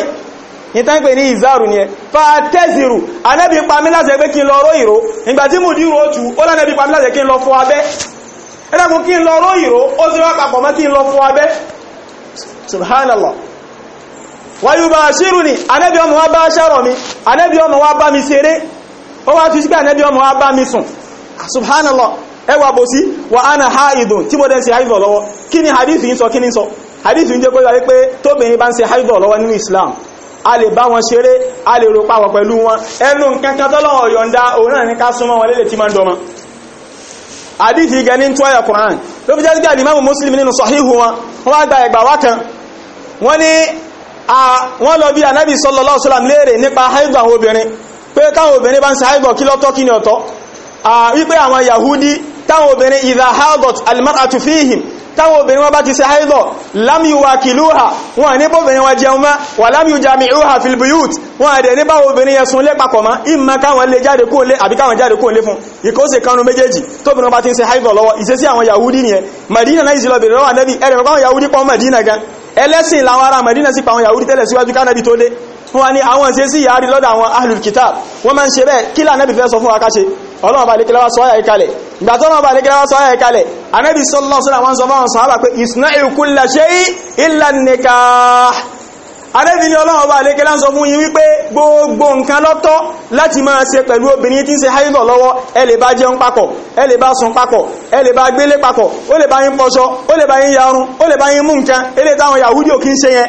ìtànpẹ̀ ní ìzáàrù ní ẹ fàtẹ́zìrù anẹ́bí pàmí láti ẹgbẹ́ kí n lọ ró ìró ìgbàtí mù dírò ojú ó lánẹ́bí pàmí láti kí n lọ fọ abẹ́ ẹlẹ́kùn kí n lọ ró ìró ó sì wá papọ̀ mọ́ kí n lọ fọ abẹ́ subhanallah wayubashiruni ànábì ọmọ wá bá ṣàrọ̀ mi ànábì ọmọ wá bá mi ṣeré ó wá tún sí pé ànábì ọmọ wá bá mi sùn subhanallah ẹwà bò sí wà á na haidùn tí mo dẹ̀ ṣe haidùn lọ́wọ́ kí ni hadithi ń sọ kí ni sọ hadithi ń jẹ́ islam a lè bá wọn ṣeré a lè rò pàwọ̀ pẹ̀lú wọn ẹnu nǹkan kan tọ́lọ́wọ̀ yọ̀ǹda òun náà ní ká Qur'an ló fi jẹ́ sí pé sahihu wọn wọ́n wá gba wọ́n lọ bí anábì sallallahu alaihi wasallam léèrè nípa haibọ̀ àwọn obìnrin pé táwọn obìnrin bá ń ṣe haibọ̀ kí lọ́tọ́ kí ni ọ̀tọ̀ wípé àwọn yahudi táwọn obìnrin idha hadat almar'atu fihim táwọn obìnrin wọn bá ti ṣe haidọ̀ lam yuwakiluha wọn ní bóbìnrin wọn jẹun má wà lam yujami'uha fil buyut wọn àdẹ̀ ní báwọn obìnrin yẹn sun lé papọ̀ má ìmá káwọn lè jáde kó lé àbí káwọn jáde kó lé fún ìkóse ẹlẹ́sìn làwọn ará Madina sí pa àwọn Yahudi tẹ́lẹ̀ síwájú kánàbí tó dé fún wa ní àwọn ṣe sí yàárí lọ́dọ̀ àwọn ahlul kitab wọ́n máa ń ṣe bẹ́ẹ̀ kí lànàbí fẹ́ sọ fún wa káṣe ọlọ́run bá lékelé wá sọ ayà ìkalẹ̀ arẹ́bìnrin ọlọ́run ọba àlékẹ́ láńsọ fún yín wípé gbogbo nǹkan lọ́tọ́ láti máa ṣe pẹ̀lú obìnrin tí ń ṣe háìlọ̀ lọ́wọ́ ẹ lè bá jẹun papọ̀ ẹ lè bá sùn papọ̀ ẹ lè bá gbélé papọ̀ ó lè bá yín pọṣọ ó lè bá yín yarun ó lè bá yín mú nǹkan elé táwọn yahudi ò kí yẹn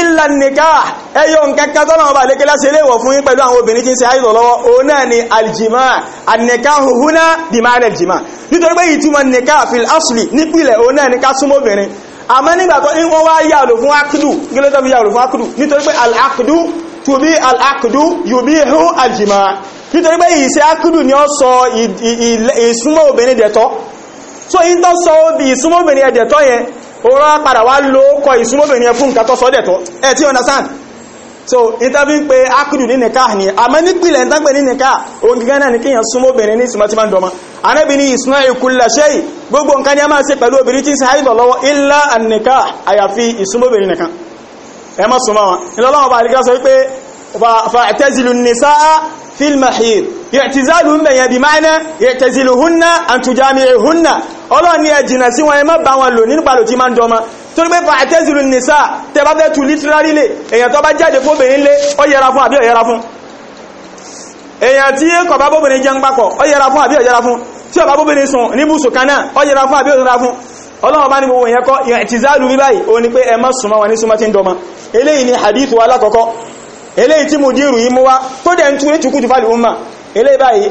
ìlà nìka ẹyọ nǹkan kan ọba àlékẹ́ láṣẹ léèwọ̀ fún yín pẹ̀lú àwọn obìnrin tí ń ṣe háìlọ̀ lọ́wọ́ òun náà ni aljima anìka hùhúná dìmáàlẹ̀ jìmá nítorí pé ìtumọ̀ nìka fil asli nípìnlẹ̀ òun náà ni ká súnmọ́ obìnrin àmọ́ nígbàtọ́ ní wọ́n wá yàlò fún akídù gílẹ́tọ́ fi yàlò fún akídù nítorí pé al'akídù tó bí al'akídù yóò bí hù àjìmá nítorí pé ìṣẹ́ akídù ni ó sọ ìsúnmọ́ obìnrin dẹ̀tọ́ so yí tó sọ bí ìsúnmọ́ obìnrin dẹ̀tọ́ yẹn ó rọ́ padà wá lóókọ ìsúnmọ́ obìnrin fún nǹkan tó sọ dẹ̀tọ́ ẹ̀ tí understand so ìtàbí ń pe ákùdù ní nìká ní àmọ́ nípìlẹ̀ ìtàgbẹ̀ ní nìká òun gígá náà ní kí yàn súnmọ́ obìnrin ní ìsinmi tí máa ń dọmọ anábì ní ìsinmi ìkúlẹ̀ ṣe yìí gbogbo nǹkan ní a máa ṣe pẹ̀lú obìnrin tí ń ṣe haibọ̀ lọ́wọ́ ilá ànìká àyàfi ìsinmi obìnrin nìkan ẹ má súnmọ́ wọn ìlọ́lọ́wọ́ bá àdìgá sọ wípé fa'tazilu nisaa fil mahir i'tizalu ń bẹ̀yẹn bí máìnà i'taziluhunna an tujami'uhunna ọlọ́ni ẹ jìnà sí wọn ẹ má bá wọn lò nípa lò tí máa ń dọmọ torí pé fàtẹ́sìrì nìsá tẹ bá bẹ́tù literally lè èyàn tó bá jáde fóbìnrin lé ó yẹra fún àbí ó yẹra fún èyàn tí kò bá bóbìnrin jẹun papọ̀ ó yẹra fún àbí ó yẹra fún tí ó bá bóbìnrin sùn ní bùsù kan náà ó yẹra fún àbí fún ọlọ́wọ́ bá ní gbogbo kọ́ bí báyìí ní pé ẹ má súnmọ́ wọn ní súnmọ́ tí ń dọmọ eléyìí ni hadith wa eléyìí tí mo dírù yìí mú wá tó dẹ̀ ń tú ní tukú jùfà umma eléyìí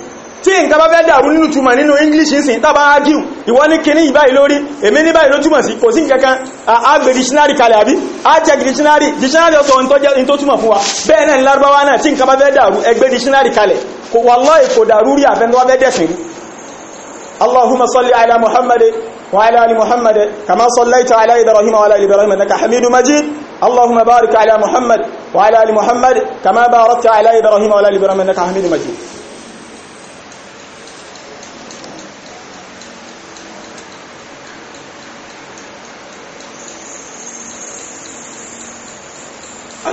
tí nǹkan bá fẹ́ dàrú nínú túmọ̀ nínú english ń sìn tàbá ágíù ìwọ́n ní kíní ìbáyìí lórí èmi ní báyìí ló túmọ̀ sí kò sí nǹkankan àgbè dictionary kalẹ̀ àbí àjẹ́ dictionary dictionary ọ̀tọ̀ ní tó túmọ̀ fún wa bẹ́ẹ̀ náà ní lárúbáwá náà tí nǹkan bá fẹ́ dàrú ẹgbẹ́ dictionary kalẹ̀ kò wallahi kò dàrú rí àfẹ́ntọ́ wá fẹ́ dẹ̀sìn allahumma salli ala muhammad wa ala ali muhammad kama sallaita ala ibrahim wa ala ali ibrahim innaka hamidu majid allahumma barik ala muhammad wa ala ali muhammad kama barakta ala ibrahim wa ala ali ibrahim innaka hamidu majid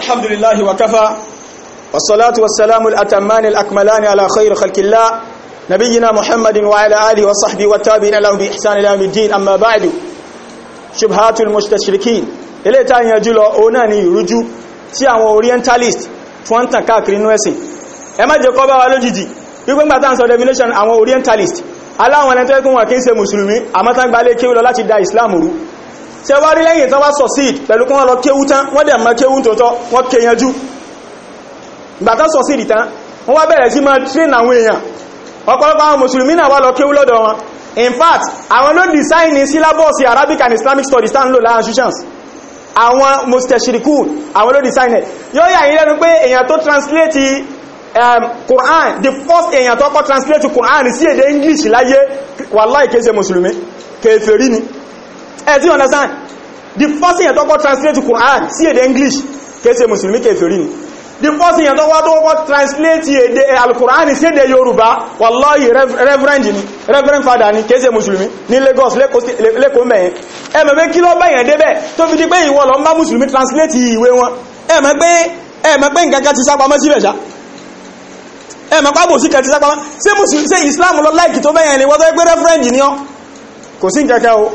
الحمد لله وكفى والصلاة والسلام الأتمان الأكملان على خير خلق الله نبينا محمد وعلى آله وصحبه والتابعين له بإحسان إلى يوم الدين أما بعد شبهات المستشركين ilé ìta ìyẹn jùlọ òun náà ni ìrújú tí àwọn orientalist fún tàn káàkiri inú ẹ̀sìn ẹ má jẹ́ kó bá wa lójijì wípé ń gbàtà ń sọ definition àwọn orientalist aláwọn ẹni tó ẹkùn wọn kí ń ṣe mùsùlùmí àmọ́tán gbalé kéwìlọ láti da islam rú ṣe wá rí lẹ́yìn tán wá succeed pẹ̀lú kí wọ́n lọ kéwú tán wọ́n dẹ̀ mọ́ kéwú tòótọ́ wọ́n ké yanjú ìgbà tán succeed tán wọ́n wá bẹ̀rẹ̀ sí máa train àwọn èèyàn ọ̀pọ̀lọpọ̀ àwọn mùsùlùmí náà wá lọ kéwú lọ́dọ̀ wọn in fact àwọn ló design ní syllabus Arabic and Islamic studies tán lò láàrín institutions àwọn mustachiriku àwọn ló design ẹ̀ yóò yà yín um, Quran the first èèyàn tó kọ́ translate Quran sí èdè English láyé wàláì kése mùsùlùmí kèfèrí ni ẹ eh, ti understand the first thing tó kọ́ translate Quran sí èdè English kéèsè mùsùlùmí kèfèrí ni the first thing tó wá tó kọ́ translate èdè eh, al-Quran sí èdè Yorùbá wallahi reverend ni reverend father ni kéèsè mùsùlùmí ní Lagos lẹ́kọ̀ọ́ mẹ́yìn ẹmọ̀ pé kí ló bẹ̀yẹn débẹ̀ tó fi di pé ìwọ lọ ń bá translate ìwé wọn ẹmọ̀ pé ẹmọ̀ pé nǹkan ti sápamọ́ síbẹ̀ ṣá ẹmọ̀ pábò sí kẹ ti sápamọ́ sí mùsùlùmí sí Islam lọ láìkì tó bẹ̀yẹn ni wọ́n tó ẹgbẹ́ reverend ni ọ kò sí nǹkan o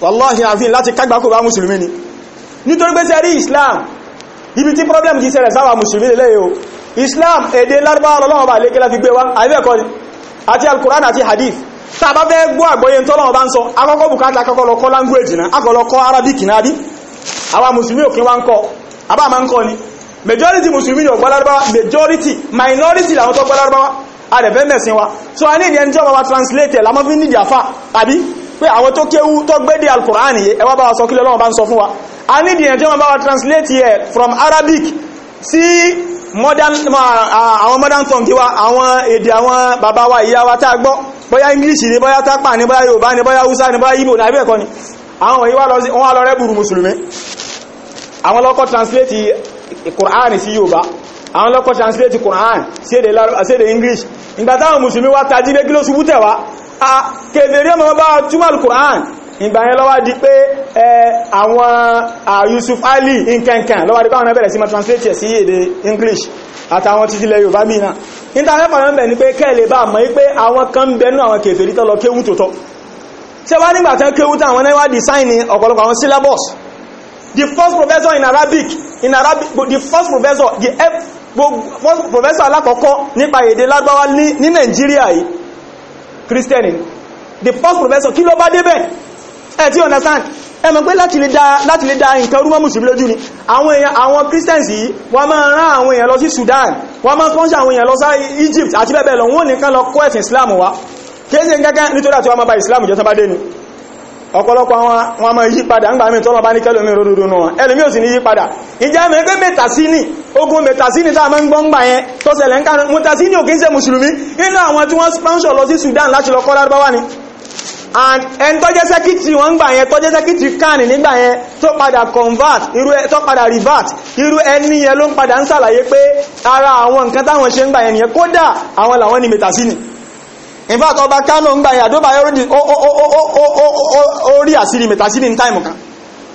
wàláhì àfihàn láti kágbàkò bá mùsùlùmí ni nítorí pé sẹ́rí islam ibi tí problem kìí ṣẹlẹ̀ sáwà mùsùlùmí lè lẹ́yìn o islam èdè lárúbáwá ọlọ́wọ́ bá lékelá fi gbé wá àbẹ́ẹ̀kọ́ ni àti alkùrán ati hadith tá a bá fẹ́ gbọ́ àgbọ́yé tọ́lọ́wọ́ bá ń sọ akọ́kọ́ bùkátà akọ́kọ́ lọ kọ́ language náà akọ́ lọ kọ́ arabic náà bí àwa mùsùlùmí òkè wá ń kọ́ àbá máa ń ni majority muslimi ni ò gbọ́ majority minority làwọn tó gbọ́ lárúbáwá a rẹ̀ fẹ́ mẹ̀sìn wa so a ní ìdí ẹni tí translate ẹ̀ lámọ́ fi ń nídìí àfà pé àwọn tó kéwú tó gbédè al-Qur'an bá wa sọ kí bá ń sọ fún wa a ní ìdíyàn tí wọ́n bá wa translate yẹ from Arabic sí modern àwọn modern tongue. tiwa àwọn èdè àwọn bàbá wa ìyá wa tá gbọ́ bóyá English ni bóyá tápà ni bóyá Yorùbá ni bóyá Hausa ni bóyá Igbo ni àbẹ́ẹ̀kọ́ ni àwọn yìí wọ́n wá lọ rẹ́bùrù mùsùlùmí àwọn lọ́kọ́ translate Qur'an sí Yorùbá àwọn lọ́kọ́ translate Qur'an sí èdè English ìgbà táwọn mùsùlùmí wá tají lé kí ló ṣubú tẹ̀wàá a kèfèrí ọmọ bá túmọ̀ alukur'an ìgbà yẹn lọ́wọ́ di pé àwọn Yusuf Ali nkankan lọ́wọ́ di pé àwọn náà bẹ̀rẹ̀ sí ma translate ẹ̀ sí èdè English àtàwọn títí ilẹ̀ Yorùbá mi náà internet fọ̀rọ̀ ń bẹ̀ ni pé kẹ́ẹ̀lẹ̀ bá mọ̀ pé àwọn kan ń bẹnu àwọn kèfèrí tó lọ kéwú the first professor in Arabic in Arabic the first professor the first professor alákọ̀ọ́kọ́ nípa èdè lágbáwá ní Nàìjíríà yìí Christianity. the first professor kí ló bá débẹ̀ ẹ ti understand ẹ mọ̀ pé láti lè da láti lè da nǹkan rúmọ́ mùsùlùmí lójú ni àwọn èèyàn àwọn Christians yìí wọ́n máa rán àwọn èèyàn lọ sí Sudan wọ́n máa sponsor àwọn èèyàn lọ sí Egypt àti bẹ́ẹ̀ bẹ́ẹ̀ lọ wọ́n nìkan lọ kọ́ ẹ̀sìn Islam wa kéèsì nǹkan nítorí àti wọ́n máa ba Islam jẹ́ tán bá dé ni ọ̀pọ̀lọpọ̀ wọn máa yí padà ńgbà mìí tọ́lọ bá ní kẹ́lò mìí rúrú náà ẹlòmí ò sì ní yí padà ìjẹ́ mẹ́ pé mẹ́tàsíní ogun mẹ́tàsíní tàà máa ń gbọ́ngbà yẹn tó ṣẹlẹ̀ ń kánú mẹ́tàsíní ò kí ń ṣe mùsùlùmí nínú àwọn tí wọ́n sponsor lọ sí Sudan láti lọ kọ́ ni and ẹn tọ́jẹ́ sẹ́kìtì wọ́n gbà yẹn tọ́jẹ́ sẹ́kìtì kánì nígbà yẹn tó convert irú tó padà revert irú ẹni yẹn ló ń padà ara àwọn nǹkan táwọn ṣe ń gbà yẹn nìyẹn kódà in fact ọba Kano ń gba ìyà dóbà ó rí àsírí mẹ̀tàsírí ní táìmù kan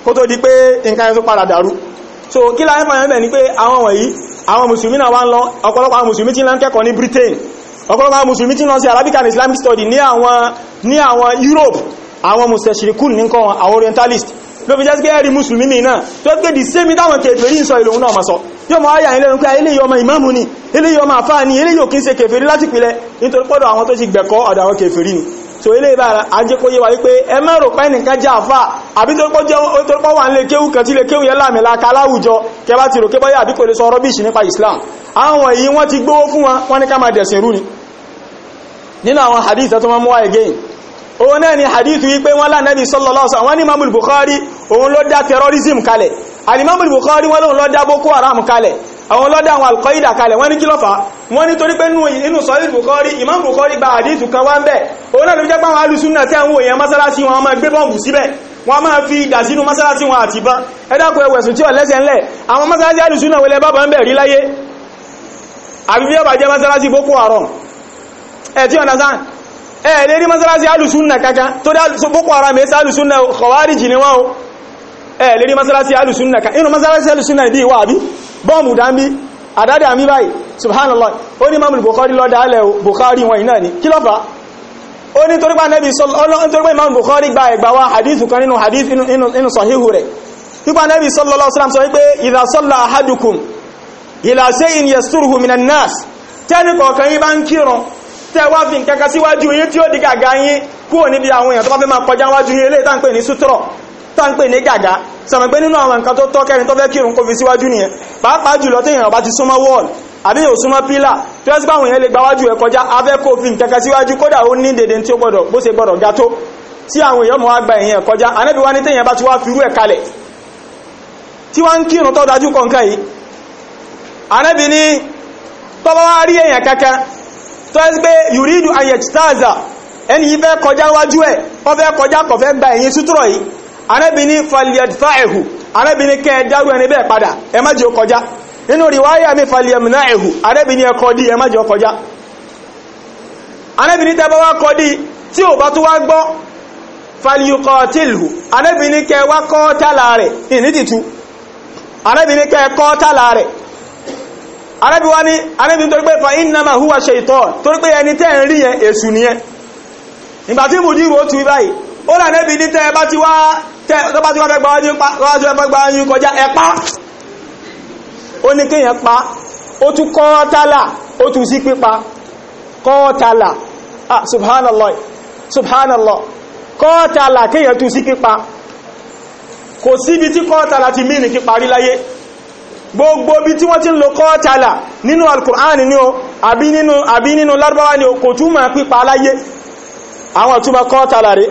kó tó di pé nǹkan ẹ̀sùn padà dàrú so kí láyé fàyẹ̀ bẹ̀ ni pé àwọn wọ̀nyí àwọn mùsùlùmí náà wá ń lọ ọ̀pọ̀lọpọ̀ àwọn mùsùlùmí tí ń lọ kẹ́kọ̀ọ́ ní Britain ọ̀pọ̀lọpọ̀ àwọn mùsùlùmí tí ń lọ sí Arabic and Islamic study ní àwọn ní àwọn Europe àwọn mùsùlùmí ní nǹkan àwọn orientalist ló fi jẹ́ pé ẹ̀rí mùsùlùmí náà tó gbé the same táwọn kèfèrí ń sọ ìlòun náà mọ̀ sọ yóò máa yà ilẹ̀ nípa ah, ilé yọmọ ìmáàmù ni ilé yọmọ àfáà ni ilé yóò kí ń ṣe kèfèrí láti pìlẹ̀ nítorí pọ́dọ̀ àwọn tó ti gbẹ̀kọ́ ọ̀dọ̀ àwọn kèfèrí ni so ilé ìbára ajẹ́kóyé wa wípé ẹ má rò pé ẹnìkan jẹ́ àfà àbí torípọ́ wà nílé kéwù kan tí lè kéwù yẹn láàmì láka láwùjọ kẹba ti rò kébọ́yà àbí pẹ̀lú sọ Islam àwọn èyí wọ́n ti gbówó fún wọn ni nínú àwọn hadith tó máa mú ni hadith wípé wọ́n lá sallallahu alaihi wasallam wọ́n ní Imamul Bukhari òun terrorism kalẹ̀ Al-Imam Al-Bukhari wọ́n lóun ló dá Boko Haram kalẹ̀ àwọn ló dá àwọn Al-Qaida kalẹ̀ wọ́n ní kí ló fà wọ́n ní torí pé inú Sahih Bukhari Imam Bukhari gba àdíìtù kan wá ń bẹ̀ òun náà ló jẹ́ pàwọn alùsùnà tí àwọn èèyàn mọ́sálásí wọn máa gbé bọ́ọ̀bù síbẹ̀ wọ́n máa fi ìdà sínú mọ́sálásí wọn àti bán ẹ̀dàkùn ẹwẹ̀sùn tí ó lẹ́sẹ̀ ńlẹ̀ àwọn mọ́sálásí alùsùnà wọlé bàbá ń rí láyé àbí bí ó masalasi alùsúnnà kankan tó dá boko haram ẹ̀sá alùsúnnà kọwàríjì ni wọ́n ẹ̀ eh, lérí masalasi alùsùnà kan inú masalasi alùsùnà ìdí ìwà àbí bọ́ọ̀mù dáńbí àdádà mi báyìí subhanallah ó ní mamul bukhari lọ dálẹ̀ bukhari wọn iná ni kí lọ́fà ó ní torípa nẹ́bí sọ́lọ́ imam bukhari gba ẹ̀gbà wa hadithu kan nínú hadith inú sahihu rẹ̀ pípa nẹ́bí sọ́lọ́lọ́ sọ́lọ́ sọ wípé idha salla ahadukum ila shay'in yasturuhu minan nas tẹ́nì kọ̀ọ̀kan yí fi nǹkan síwájú yí tí ó di gàgá kúrò níbi àwọn èèyàn tó bá fẹ́ máa kọjá wájú yí eléyìí tá ní sútúrọ̀ tá ń pè ní gàgá sọmọ pé nínú àwọn nǹkan tó tọ́ kẹrin tó fẹ́ kírun kó fi síwájú nìyẹn pàápàá jùlọ tí èèyàn bá ti súnmọ́ wọ́ọ̀lù àbí yóò súnmọ́ pílà awaju wọ́n sì báwọn èèyàn lè gbáwájú ẹ̀ kọjá abẹ́ kó fi nǹkan kan síwájú kódà ó ní dèdè tí ó ga tí àwọn èèyàn mọ̀ wá gba èèyàn kọjá anábì wá ní téèyàn bá ti wá fi irú kalẹ̀ tí wọ́n ń kírun dájú yìí ní gba ẹ̀yìn arábìnrin falyadfa'ehu arábìnrin kẹ́ dárú ẹni bẹ́ẹ̀ padà ẹ má jẹ́ ó kọjá nínú riwaya mi falyamna'ehu arábìnrin ẹkọ dí ẹ má jẹ́ ó kọjá arábìnrin tẹ́bọ́ wá kọ dí tí ò bá tó wá gbọ́ falyuqatilhu arábìnrin kẹ́ wá kọ́ tálà rẹ̀ ìní tìtú arábìnrin kẹ́ kọ́ ní arábìnrin torí fa innama huwa shaytan torí pé ẹni tẹ́ ń rí yẹn èṣù nìyẹn ìgbà tí mùdírù ó tu báyìí ó rà nẹ́bi ní tẹ́ bá ti wá tẹ́ tọ́bá tí wọ́n fẹ́ gba wáyé kọjá ẹ̀pá ó ní kíyàn pa ó tún kọ́ọ́tàlà ó tún sí pípa kọ́ọ́tàlà ah subhanallah subhanallah kọ́ọ́tàlà kíyàn tún sí pípa kò síbi tí kọ́ọ́tàlà ti mìíràn kí parí láyé gbogbo bí tí wọ́n ti ń lo kọ́ọ̀tàlà nínú alkùnrin ní o àbí nínú lárúbáwá ní o kò túmọ̀ pípa láyé àwọn túmọ̀ kọ́ọ̀tàlà rẹ̀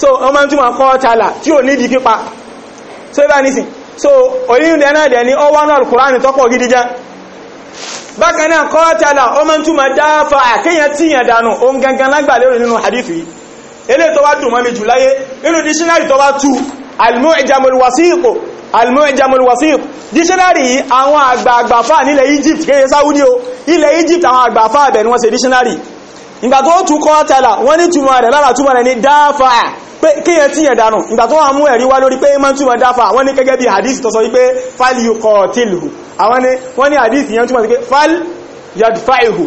so wọ́n máa ń túnmọ̀ kọ́ tààlà tí ò nídìí pípa so ibá nísìn so oyin dẹ̀ náà dẹ̀ ní ó wá náà kùránì tọ́pọ̀ gidi jẹ́ bákan náà kọ́ tààlà ó máa ń túnmọ̀ dáfà àkíyàn tí yàn dànù ohun gangan lágbà lérò nínú hadithu yìí ilé tó wá dùn mọ́mí jùláyé nínú díṣínárì tó wá tú al-mu'jamul wasiq al-mu'jamul wasiq díṣínárì yìí àwọn àgbààgbàfà Egypt kéye Saudi o ilẹ̀ Egypt àwọn àgbààfà abẹ̀ ni wọ́n ṣe díṣínárì ìgbà tó tú kọ́ tààlà wọ́n ní túnmọ̀ rẹ̀ lára túnmọ̀ rẹ̀ ní dáfà pé kíyàn tí yẹ̀ dànù ìgbà tó wọ́n mú ẹ̀rí wá lórí pé ma túnmọ̀ dáfà wọ́n ní gẹ́gẹ́ bí hadith tó sọ wípé fàílì yóò tílù ní hadith yẹn túnmọ̀ sí pé fàílì yàdùfáìhù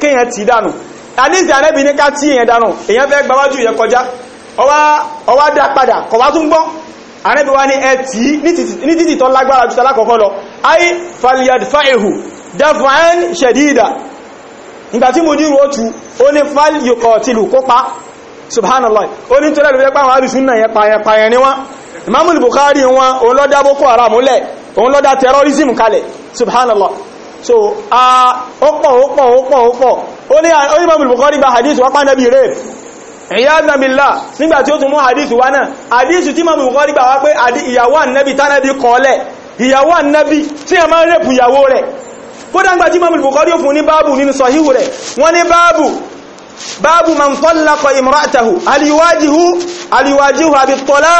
kíyàn tí dànù hadith Ànábì ní ká tí yẹn dànù èyàn fẹ́ gbáwájú yẹn kọjá ọwá dá padà kọwá tún gbọ́ Ànábì ni ní ẹ tí ní títì tó lágbára jù talákọ̀ọ́kọ́ lọ ayé fàílì yàdùfáìhù dáfàán ṣẹ̀dídà ìgbà tí mo subhanallah ó ní tẹ́lẹ̀ lórí pàwọn alùsùnà yẹn pààyàn pààyàn ni wọ́n imamul bukhari wọn òun lọ́dá boko haram lẹ̀ òun lọ́dá terrorism kalẹ̀ subhanallah so a ó pọ̀ ó pọ̀ ó pọ̀ ó pọ̀ ó ní imamul bukhari gba hadith wọ́n pàdé bí rape ìyáàdàn bílá nígbà tí ó tún mú hadith wá náà hadith tí imamul bukhari gbà wá pé ìyàwó annabi tánàbí kọ́ọ̀lẹ̀ ìyàwó annabi tí a máa ń rẹ̀pù ìyàwó rẹ̀ kódà ń gbà tí imamul ní báàbù nínú sọ̀híhù rẹ̀ wọ́n ní báàbù báàbù man tọ́lákọ̀ ìmọ̀rátàhù aliwájíhù aliwájíhù àbí tọ́lá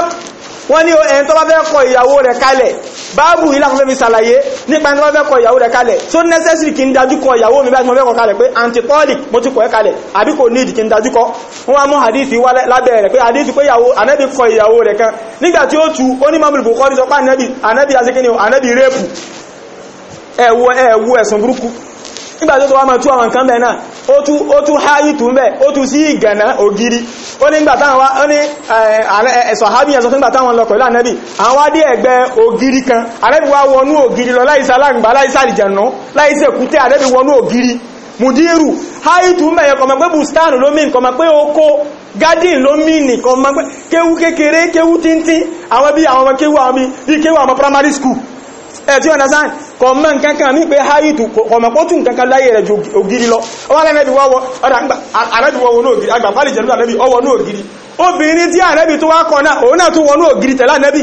wọ́n ní ẹni tó bá fẹ́ kọ ìyàwó rẹ̀ kalẹ̀ báàbù ilá fún fẹ́mi sàlàyé nípa ẹni tó bá fẹ́ kọ ìyàwó rẹ̀ kalẹ̀ tó necessary kí n dájúkọ ìyàwó mi báyìí mo fẹ́ kọ kalẹ̀ pé antitolic mo ti kọ ẹ́ kalẹ̀ àbí kò need kí n dájúkọ wọ́n wá mú hadithi wá lábẹ́ rẹ̀ pé hadithi pé ìyàwó anẹ́bí kọ ìyàwó rẹ̀ ẹ̀wọ̀ ẹ̀wọ̀ ẹ̀sùn burúkú nígbà tó tó wá máa tú àwọn nǹkan bẹ́ẹ̀ náà otu otu háyìtù ń otu si tún ogiri ìgànná ògiri ó ní ìgbà táwọn ó ní ẹ̀sọ̀ àbí ẹ̀sọ̀ fíngbà táwọn lọ kọla ànẹ́bì àwọn wá dé ẹgbẹ́ kan ànẹ́bì wá ogiri lọ láìsà lágbà láìsà àlìjànà láìsà èkúté ànẹ́bì mudiru ògiri mùdírù mbe ń bẹ̀yẹ kọmọ pé bùstánù lomin mìn oko gádìn ló mìn nìkan kéwú kékeré kéwú tíntín àwọn bi àwọn ama kéwú àwọn ẹ̀tí ọ̀nàsán kọ̀mọ̀ nkankan ní pé haitu kọ̀mọ̀kọ́tún nkankan láyé rẹ̀ jù ògiri lọ ọwọ́ alẹ́nẹ́bí wọ́wọ́ alẹ́bíwọ́wọ́ náà ògiri agbàfàlì jẹ́ obìnrin tí ànẹ́bí tó wá kọ́ náà òun náà tó wọ́n náà ògiri tẹ̀lá ànẹ́bí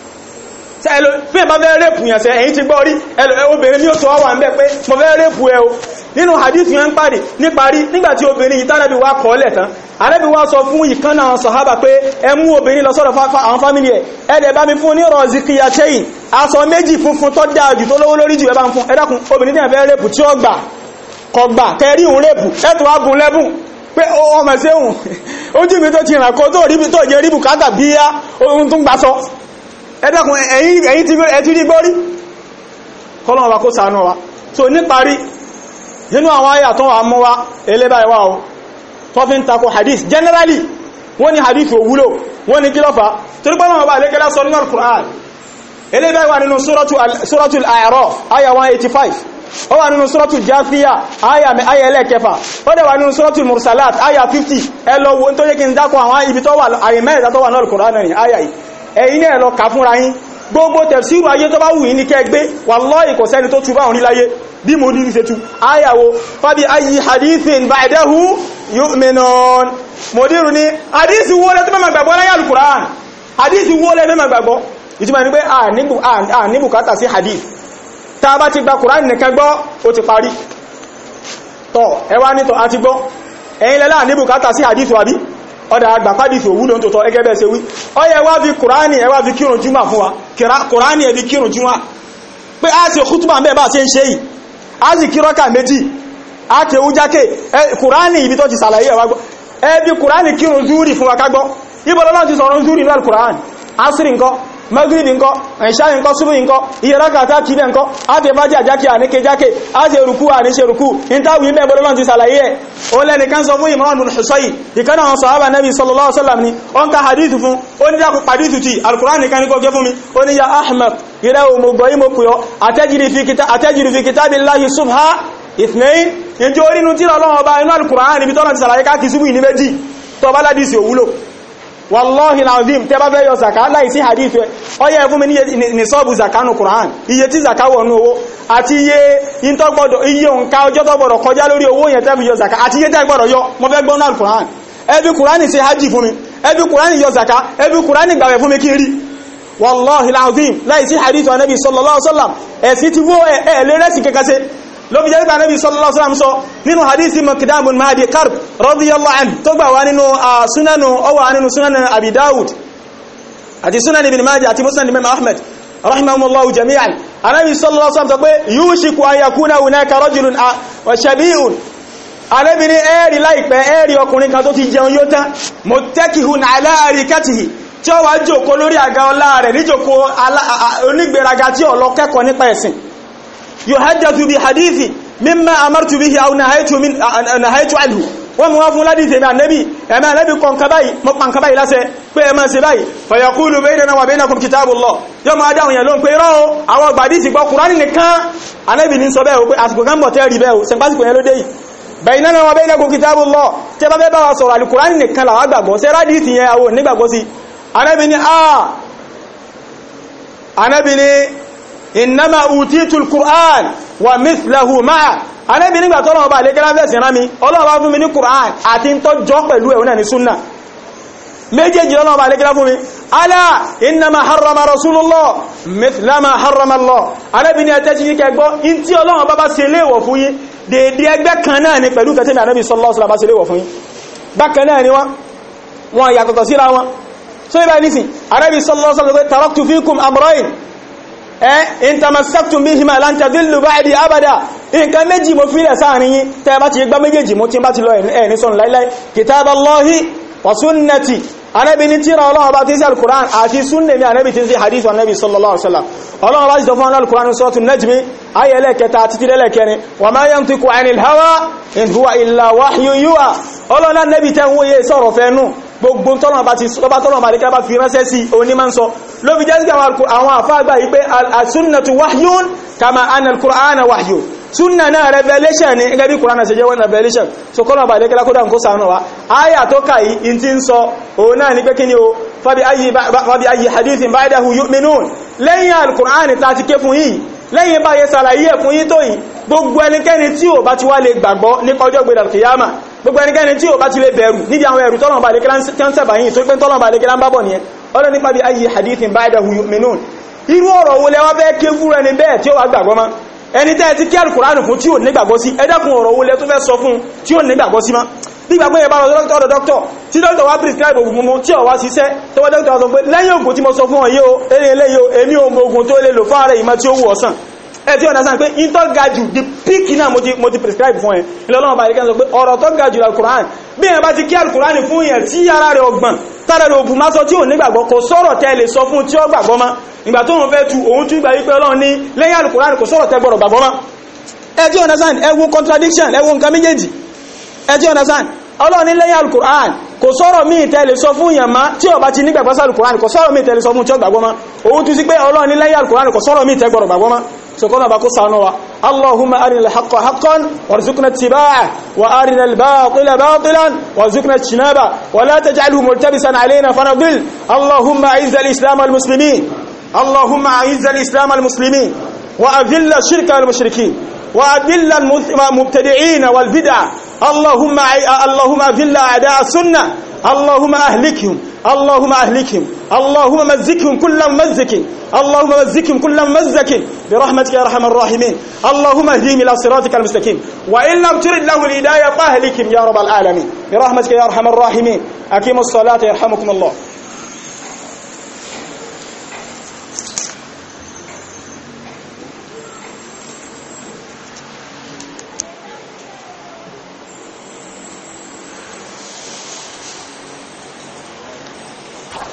fíyàn bá fẹ́ rẹ́pù yàn sẹ́ èyí ti gbọ́ rí obìnrin ní ó sọ wà ń bẹ́ pé mo fẹ́ rẹ́pù ẹ o nínú hadith yẹn ń pàdé níparí nígbàtí obìnrin yìí tánàbí wá kọ́ọ̀lẹ̀ tán Ànábì wá sọ fún ìkan náà sọ̀hábà pé ẹ mú obìnrin lọ sọ́dọ̀ àwọn fámílì ẹ̀ ẹ̀dẹ̀ bá mi fún ní rọ̀zìkìyà chain aṣọ méjì funfun tó dáa jù tó lówó lórí jù ẹ bá ń fún ẹ dákun obìnrin tí a fẹ́ rẹ́pù tí ó gbà kọgbà kẹrí òun rẹ́pù ẹ̀tọ́ agun lẹ́bùn pé ọmọ sí òun <laughs> ojú mi tó ti ràn kó tó rí mi tó jẹ rí bùkátà bíyá ohun tó ń gbà sọ ẹ̀dẹ́kùn ẹ̀yìn ti rí gbọ́rí kọ́lọ̀ wa kó sànú wa so níparí nínú àwọn ayà tó wà mọ́ wa elébà ìwà o tó fi ń takò hadith generally wọ́n ni hadith ò wúlò wọ́n ni kílọ́fà torí nínú al-Qur'an elébà ìwà ayà 185 ó wà nínú suratul Jathiyah ayà mi ayà ẹlẹ́kẹfà ó dẹ̀ wà nínú suratul Mursalat ayà 50 ẹlọ́wọ́ tó yẹ kí n dákọ̀ àwọn ibi tó wà àyẹ̀mẹ́rẹ̀ tó wà náà al ni ayà yìí ẹ̀yin náà lọ kà fúnra yín gbogbo tẹ̀síru ayé tó bá wù yín ní kẹ́ gbé wallahi kò sẹ́ni tó tú bá òun rí láyé bí mo ní ṣe tú ayàwó fábí ayi hadithin ba'dahu yu'minun mòdírù ní hadithi wó lẹ́tọ́ mẹ́mà gbàgbọ́ láyé alukuran hadithi wó lẹ́tọ́ mẹ́mà hadith tá a bá ti gba kuran nìkan gbọ́ ó ti parí tọ́ ẹwà nítọ̀ àti gbọ́ ẹ̀yin lẹ́lá ní sí hadith wàbí ọ̀dà àgbàpádìsì òwúlò tó tọ́ ẹgẹ́ bẹ́ẹ̀ ṣe wí ó yẹ wá fi kùránì ẹ wá fi kírun júmà fún wa kùránì ẹ fi kírun júmà pé a ṣe kútùbà mẹ́ bá ṣe ń ṣe yìí a sì kírọ́kà méjì a ti ewu kùránì ibi tó ti sàlàyé ẹ gbọ́ magribi ńkọ́ ẹ̀ṣáyìn ńkọ́ súbú ńkọ́ iye rákàtà kí bẹ́ ńkọ́ a ti bá jàjákì àníkejákè a ti rùkú àníṣerùkú ìntàwí ilẹ̀ ìbọ̀lọ́lọ́n ti sàlàyé ẹ̀ o lẹ́ni sọ fún Imran bin Husayi ìkaná àwọn sọ̀hábà nẹ́bí sallallahu alaihi ni ó ń ka hadith fún ó ní dákù hadith ti alkùránì kan ya Ahmad ilẹ̀ òmò gbọ́yí mo pè ọ́ àtẹ́jìrì fi kitabillahi subha ithnain ìjọ orínú tí ọlọ́wọ́ bá inú alkùránì bí tọ́lọ̀ ti sàlàyé ká kìí wallahi alazim tẹ́ bá fẹ́ yọ zaka isi hadith ẹ ọyẹ ẹ fún mi ní sọ́ọ̀bù zaka no quran iye ti zaka wọ̀ nù owó àti iye ìntọ́gbọ́dọ̀ iye òǹkà ojo tó gbọ́dọ̀ kọjá lórí owó yẹn tẹ́ fi yọ zaka àti iye tẹ́ gbọ́dọ̀ yọ mo fẹ́ gbọ́ náà quran ẹbí quran ṣe hajj fún mi ẹbí quran yọ zaka ẹbí quran gbàwẹ̀ fún mi kí n rí wallahi alazim láìsí hadith anabi sallallahu alaihi wasallam ẹ̀sìn ti e ẹ̀ ẹ̀ lérẹ́sì kẹkẹsẹ́ ló fi jẹ́ pé Ànábì sallallahu alaihi wasallam sọ nínú hadithi makidamun mahadi karb radiyallahu anhu tó gbà wá nínú sunanu ọwà nínú sunanu abi dawud àti sunanu ibn majah àti musnad imam ahmed rahimahumullahu jami'an Ànábì sallallahu alaihi wasallam sọ pé yushiku an yakuna hunaka rajulun shabi'un Ànábì ní ẹ̀rí láìpẹ́ ẹ̀rí ọkùnrin kan tó ti jẹun yó tán muttakihun ala arikatihi tí ó wá jòkó lórí àga ọlá rẹ̀ níjòkó onígbèraga tí ó nípa ẹ̀sìn yuhaddathu bi hadithi mimma amartu bihi aw nahaytu min nahaytu anhu wọ́n mú wọ́n fún ládìí tèmi ànẹ́bì ẹ̀mẹ́ ànẹ́bì kọ̀ǹkà báyìí mọ́ pàǹkà báyìí lásẹ̀ pé ẹ̀mẹ́ sí báyìí fayaqulu baynana wa baynakum kitabullah yọ́ máa dáhùn yẹn ló ń pè rọ́ o àwọn gbàdí ti gbọ́ kùránì nìkan ànẹ́bì ní sọ bẹ́ẹ̀ o pé àsìkò kan bọ̀ tẹ́ rí bẹ́ẹ̀ o sẹ́ńpásìkò yẹn ló dé yìí baynana wa baynakum kitabullah tẹ́ bá bẹ́ẹ̀ bá wa sọ̀rọ̀ àlùkùránì nìkan làwọn gbàgbọ́ sẹ́ rádìí ti yẹn àwọn onígbàgbọ́ sí ànẹ́bì ní a ànẹ́bì ní innama utitul qur'an wa mithlahu ma'a anábi nígbà tọ́lọ̀ ọba àlékẹ́lá fẹ́sì rán mi Ọlọ́run bá fún mi ní qur'an àti ń tọ́jọ́ pẹ̀lú ẹ̀hún náà ní súnnà méjèèjì Ọlọ́run bá àlékẹ́lá fún mi alá innama harrama rasulullah mithlama harrama Allah anábi ní ẹtẹ́ sí kẹgbọ́ in tí Ọlọ́run bá bá ṣe léèwọ̀ fún yín dèédé ẹgbẹ́ kan náà ni pẹ̀lú kẹtẹ́ mi anábi sallallahu alaihi wasallam bá ṣe léèwọ̀ fún yín bákan náà ni wọ́n wọn yàtọ̀tọ̀ síra wọn so ibà nísìn anábi sallallahu alaihi wasallam taraktu fikum amrayn Eh, in tamassaktum bihima lan tadillu ba'di abada nǹkan méjì mo fílẹ̀ sáàrin yín tẹ́ bá ti gbá méjèèjì mo tí bá ti lọ ẹ̀ ní sọ́nà láíláí kitaballahi wa sunnati anabi ni tírà ọlọ́run bá ti sí alkùrán àti súnnà mi anabi ti sí hadith anabi sallallahu alaihi wasallam ọlọ́run bá ti sọ fún alkùrán sọ́tù najmi ayẹ lẹ́kẹta títí lẹ́lẹ́kẹrin wa ma yantiqu anil hawa gbogbo tọ́lọ̀mà àríkà bá fi ránṣẹ́ sí onímọ̀sọ ló fi jẹ́sí àwọn àfáàgbà yìí pé asúnnàtù wahyun kama anal kùránà wahyun súnnà náà revelation ní gẹ́gẹ́ bí kùránà ṣe jẹ́ wọ́n revelation so kọ́lọ̀mà àríkà lákúdà kó sànú wa áyà tó kà yìí in ti ń sọ òun náà ní pé kí ni o fàbí ayi hadithin ba'dahu yu'minun lẹ́yìn alkùránì ta ti ké fún yìí lẹ́yìn báyẹ̀ sàlàyé fún yìí tó yìí gbogbo ẹnikẹ́ni tí ò bá ti wá lè gbàgbọ́ ní ọjọ́ gbẹ̀dàkìyàmà gbogbo ẹnikẹ́ni tí ó bá ti lè bẹ̀rù níbi àwọn ẹ̀rù tọ́lọ̀mà àlékẹ́lá ń sẹ̀bà yìí tó pé tọ́lọ̀mà àlékẹ́lá ń bábọ̀ nìyẹn ọlọ́ nípa bí ayé hadithin ba'dahu yu'minun irú ọ̀rọ̀ wo lẹ́wọ́ fẹ́ ké fúrú ẹni bẹ́ẹ̀ tí ó wà gbàgbọ́ mọ́ ẹni tẹ́ ti kí alukùránù fún tí ò nígbàgbọ́ sí ẹ̀dẹ́kun ọ̀rọ̀ wo lẹ́ tó fẹ́ sọ fún tí ò nígbàgbọ́ sí mọ́ bí gbàgbọ́ yẹn bá lọ dókítà ọ̀dọ̀ dókítà tí dókítà wá prescribe oògùn mu tí ọ̀wá ṣiṣẹ́ tọwọ́ dókítà sọ pé lẹ́yìn oògùn tí mo sọ fún ọ yìí o eléyìí o èmi oògùn tó lè lò fún ara ìmọ̀ tí ó wù ọ̀sán ẹ tí ọ̀dá sáà pé in tó ga jù di píkì náà mo ti prescribe fún ẹ ìlọ́lọ́wọ́ bá ìrìkẹ́ sọ pé ọ̀rọ̀ tó ga jù alukuran bí ẹ bá ti kí alukuran fún yẹn tí ara rẹ̀ ọgbọ̀n tára rẹ̀ òbù máa sọ tí ò nígbàgbọ́ kò sọ̀rọ̀ tẹ́ lè sọ fún tí ó gbàgbọ́ mọ́ ìgbà tó ń fẹ́ tu òun tún gbà wípé ọlọ́run ní lẹ́yìn alukuran kò sọ̀rọ̀ tẹ́ gbọ́dọ̀ gbàgbọ́ mọ́ ẹ tí ọ̀dá sáà ẹ contradiction ẹ wo nǹkan méjèèjì ẹ tí ọ̀dá sáà ọlọ́run ní lẹ́yìn alukuran kò sọ̀rọ̀ míì tẹ́lẹ̀ sọ fún ìyàmá tí ó bá ti nígbàgbọ́ sí alukuran kò sọ̀rọ̀ míì tẹ́lẹ̀ sọ fún tí ó gbàgbọ́ mọ́ òun tún sí pé ọlọ́run ní lẹ́yìn alukuran kò sọ̀rọ̀ míì tẹ́gbọ̀rọ̀ gbàgbọ́ mọ́ سكونا باكو سانوا اللهم أرنا الحق حقا وارزقنا اتباعه وأرنا الباطل باطلا وارزقنا اجتنابه ولا تجعله ملتبسا علينا فنضل اللهم أعز الإسلام المسلمين اللهم أعز الإسلام المسلمين وأذل الشرك والمشركين وأذل المبتدعين والبدع اللهم اللهم أذل أعداء السنة اللهم أهلكهم اللهم أهلكهم اللهم مزكهم كل ممزك اللهم مزكهم كل ممزك برحمتك يا أرحم الراحمين اللهم اهديهم إلى صراطك المستقيم وإن لم ترد له الهداية فأهلكهم يا رب العالمين برحمتك يا أرحم الراحمين أقيموا الصلاة يرحمكم الله